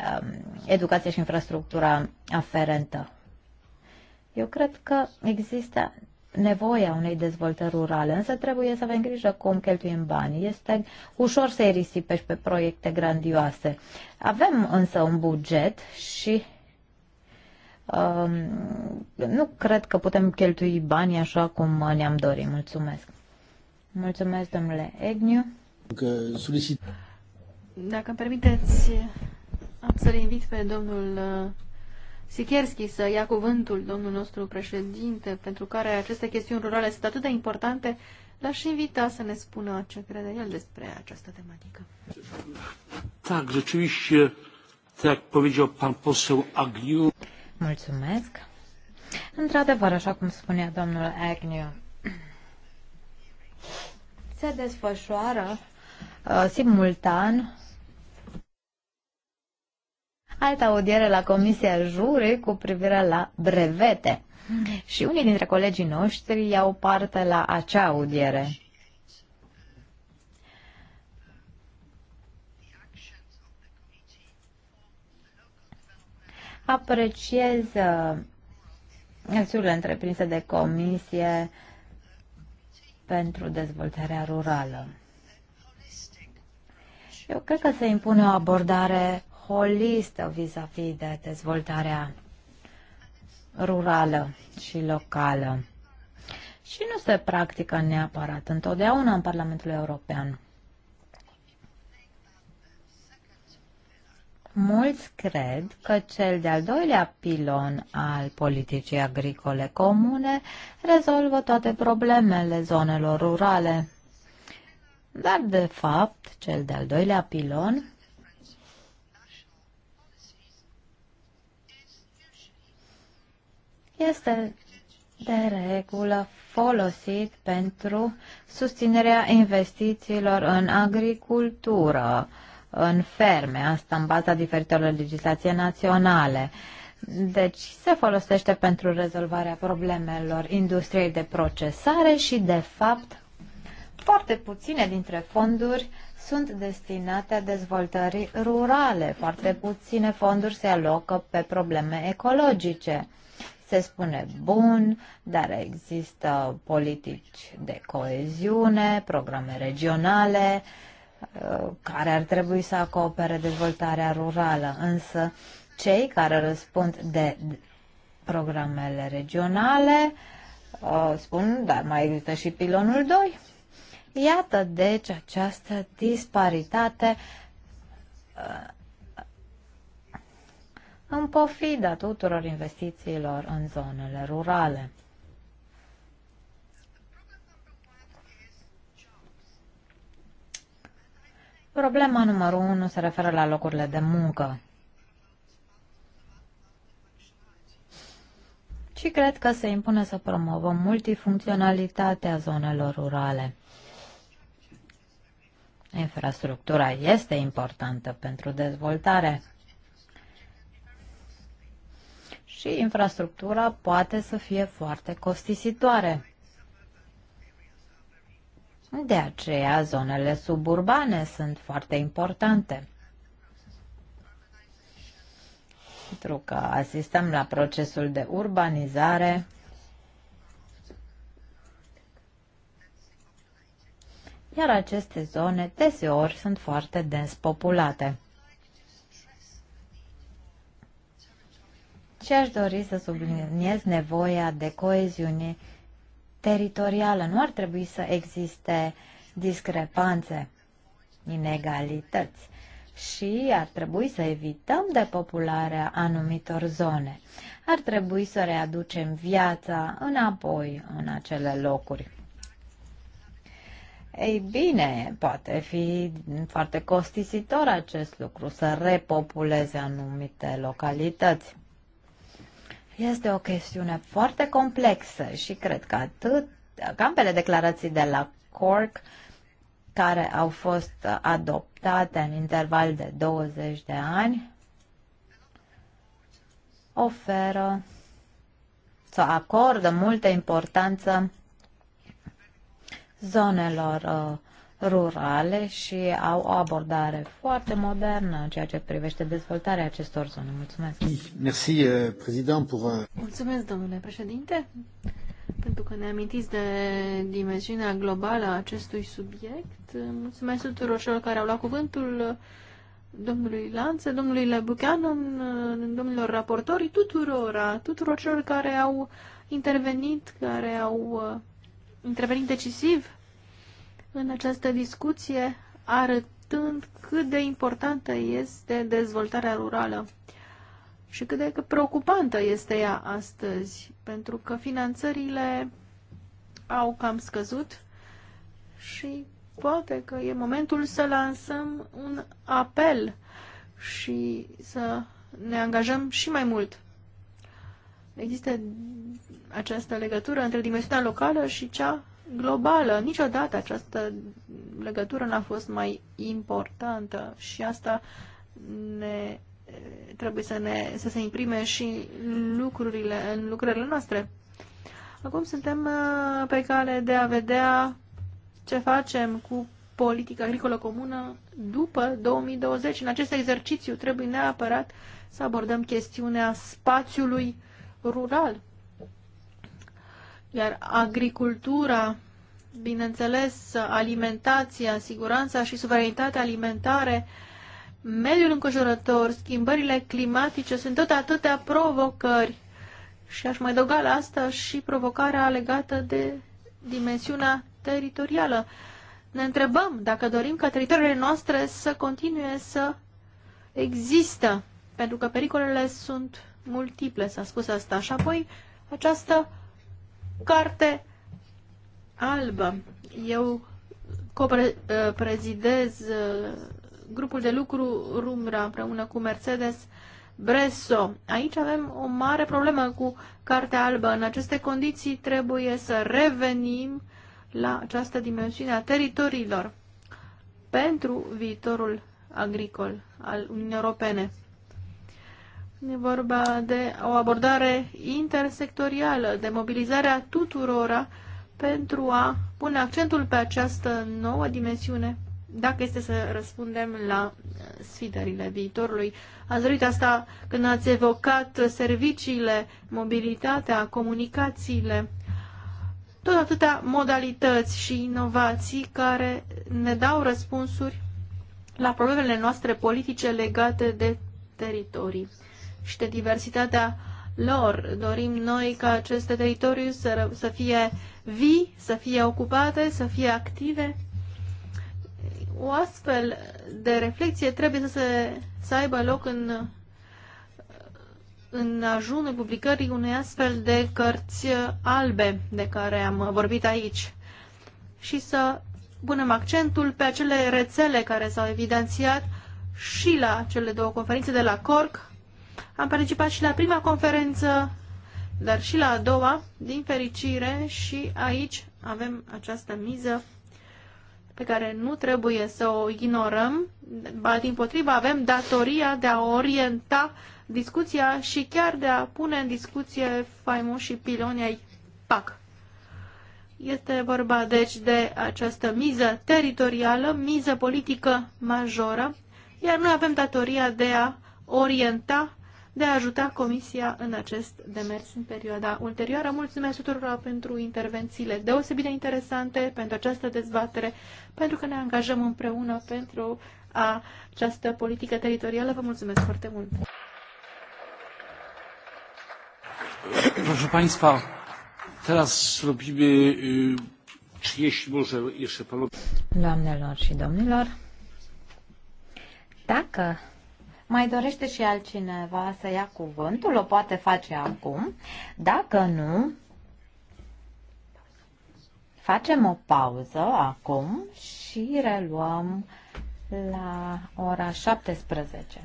Um, educație și infrastructura aferentă. Eu cred că există nevoia unei dezvoltări rurale, însă trebuie să avem grijă cum cheltuim bani. Este ușor să-i risipești pe proiecte grandioase. Avem însă un buget și um, nu cred că putem cheltui banii așa cum ne-am dorit. Mulțumesc. Mulțumesc, domnule Egniu. Dacă permiteți, am să-l invit pe domnul uh, Sikierski să ia cuvântul, domnul nostru președinte, pentru care aceste chestiuni rurale sunt atât de importante. L-aș invita să ne spună ce crede el despre această tematică. Tak, rzeczywiście, tak powiedział pan poseł Agniu. Mulțumesc. Într-adevăr, așa cum spunea domnul Agniu, se desfășoară uh, simultan altă audiere la Comisia Jure cu privire la brevete. Și unii dintre colegii noștri iau parte la acea audiere. Apreciez acțiunile uh, întreprinse de comisie pentru dezvoltarea rurală. Eu cred că se impune o abordare holistă vis-a-vis -vis de dezvoltarea rurală și locală. Și nu se practică neapărat întotdeauna în Parlamentul European. Mulți cred că cel de-al doilea pilon al politicii agricole comune rezolvă toate problemele zonelor rurale. Dar, de fapt, cel de-al doilea pilon este de regulă folosit pentru susținerea investițiilor în agricultură, în ferme, asta în baza diferitelor legislații naționale. Deci se folosește pentru rezolvarea problemelor industriei de procesare și, de fapt, foarte puține dintre fonduri sunt destinate dezvoltării rurale, foarte puține fonduri se alocă pe probleme ecologice. Se spune bun, dar există politici de coeziune, programe regionale uh, care ar trebui să acopere dezvoltarea rurală, însă cei care răspund de programele regionale uh, spun, dar mai există și pilonul 2. Iată, deci, această disparitate uh, în pofida tuturor investițiilor în zonele rurale. Problema numărul unu se referă la locurile de muncă. Și cred că se impune să promovăm multifuncționalitatea zonelor rurale. Infrastructura este importantă pentru dezvoltare și infrastructura poate să fie foarte costisitoare. De aceea, zonele suburbane sunt foarte importante. Pentru că asistăm la procesul de urbanizare iar aceste zone deseori sunt foarte dens populate. și aș dori să subliniez nevoia de coeziune teritorială. Nu ar trebui să existe discrepanțe, inegalități și ar trebui să evităm depopularea anumitor zone. Ar trebui să readucem viața înapoi în acele locuri. Ei bine, poate fi foarte costisitor acest lucru, să repopuleze anumite localități. Este o chestiune foarte complexă și cred că atât campele declarații de la Cork care au fost adoptate în interval de 20 de ani oferă sau acordă multă importanță zonelor uh, rurale și au o abordare foarte modernă în ceea ce privește dezvoltarea acestor zone. Mulțumesc! Merci, euh, président, pour... Euh, Mulțumesc, domnule președinte, pentru că ne amintiți de dimensiunea globală a acestui subiect. Mulțumesc tuturor celor care au luat cuvântul domnului Lanță, domnului Lebuchanan, domnilor raportori, tuturora, tuturor celor care au intervenit, care au uh, intervenit decisiv în această discuție, arătând cât de importantă este dezvoltarea rurală și cât de preocupantă este ea astăzi, pentru că finanțările au cam scăzut și poate că e momentul să lansăm un apel și să ne angajăm și mai mult. Există această legătură între dimensiunea locală și cea globală. Niciodată această legătură n-a fost mai importantă și asta ne, trebuie să, ne, să se imprime și lucrurile, în lucrările noastre. Acum suntem uh, pe cale de a vedea ce facem cu politica agricolă comună după 2020. În acest exercițiu trebuie neapărat să abordăm chestiunea spațiului rural iar agricultura, bineînțeles, alimentația, siguranța și suveranitatea alimentare, mediul înconjurător, schimbările climatice sunt tot atâtea provocări. Și aș mai adăuga la asta și provocarea legată de dimensiunea teritorială. Ne întrebăm dacă dorim ca teritoriile noastre să continue să există, pentru că pericolele sunt multiple, s-a spus asta. Și apoi această carte albă. Eu coprezidez uh, uh, grupul de lucru Rumra împreună cu Mercedes Bresso. Aici avem o mare problemă cu Cartea Albă. În aceste condiții trebuie să revenim la această dimensiune a teritoriilor pentru viitorul agricol al Uniunii Europene. E vorba de o abordare intersectorială, de mobilizarea tuturora pentru a pune accentul pe această nouă dimensiune, dacă este să răspundem la uh, sfidările viitorului. Ați dorit asta când ați evocat serviciile, mobilitatea, comunicațiile, tot atâtea modalități și inovații care ne dau răspunsuri la problemele noastre politice legate de teritorii și de diversitatea lor. Dorim noi ca aceste teritorii să, să fie vii, să fie ocupate, să fie active. O astfel de reflexie trebuie să, se, să aibă loc în, în ajunul publicării unei astfel de cărți albe de care am vorbit aici și să punem accentul pe acele rețele care s-au evidențiat și la cele două conferințe de la Cork am participat și la prima conferință, dar și la a doua, din fericire, și aici avem această miză pe care nu trebuie să o ignorăm, ba din potrivă avem datoria de a orienta discuția și chiar de a pune în discuție faimoșii piloni ai PAC. Este vorba deci de această miză teritorială, miză politică majoră, iar noi avem datoria de a orienta de a ajuta Comisia în acest demers în perioada ulterioară. Mulțumesc tuturor pentru intervențiile deosebit de interesante, pentru această dezbatere, pentru că ne angajăm împreună pentru a această politică teritorială. Vă mulțumesc foarte mult! Proszę Państwa, teraz robimy, czy jeśli może jeszcze Panowie... Doamnelor și domnilor, dacă mai dorește și altcineva să ia cuvântul? O poate face acum. Dacă nu, facem o pauză acum și reluăm la ora 17.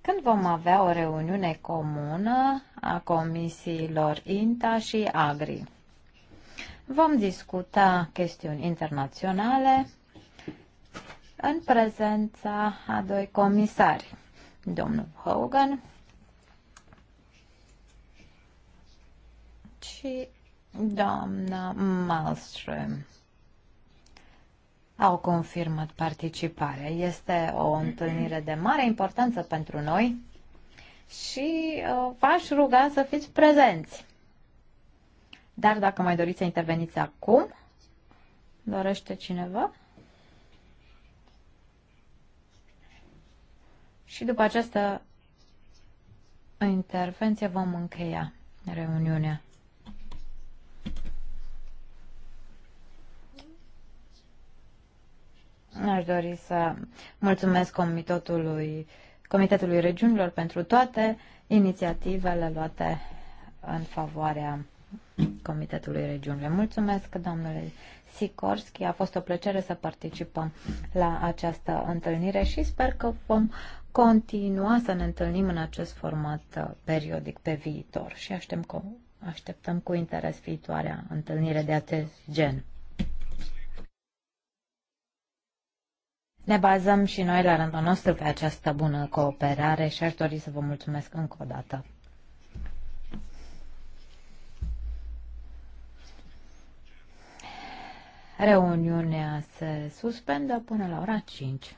Când vom avea o reuniune comună a comisiilor INTA și AGRI. Vom discuta chestiuni internaționale, în prezența a doi comisari, domnul Hogan și doamna Malmström au confirmat participarea. Este o întâlnire de mare importanță pentru noi și uh, v-aș ruga să fiți prezenți. Dar dacă mai doriți să interveniți acum, dorește cineva? Și după această intervenție vom încheia reuniunea. Aș dori să mulțumesc comitetului, comitetului regiunilor pentru toate inițiativele luate în favoarea Comitetului regiunilor. Mulțumesc, domnule Sikorski. A fost o plăcere să participăm la această întâlnire și sper că vom continua să ne întâlnim în acest format uh, periodic pe viitor și așteptăm cu, așteptăm cu interes viitoarea întâlnire de acest gen. Ne bazăm și noi la rândul nostru pe această bună cooperare și aș dori să vă mulțumesc încă o dată. Reuniunea se suspendă până la ora 5.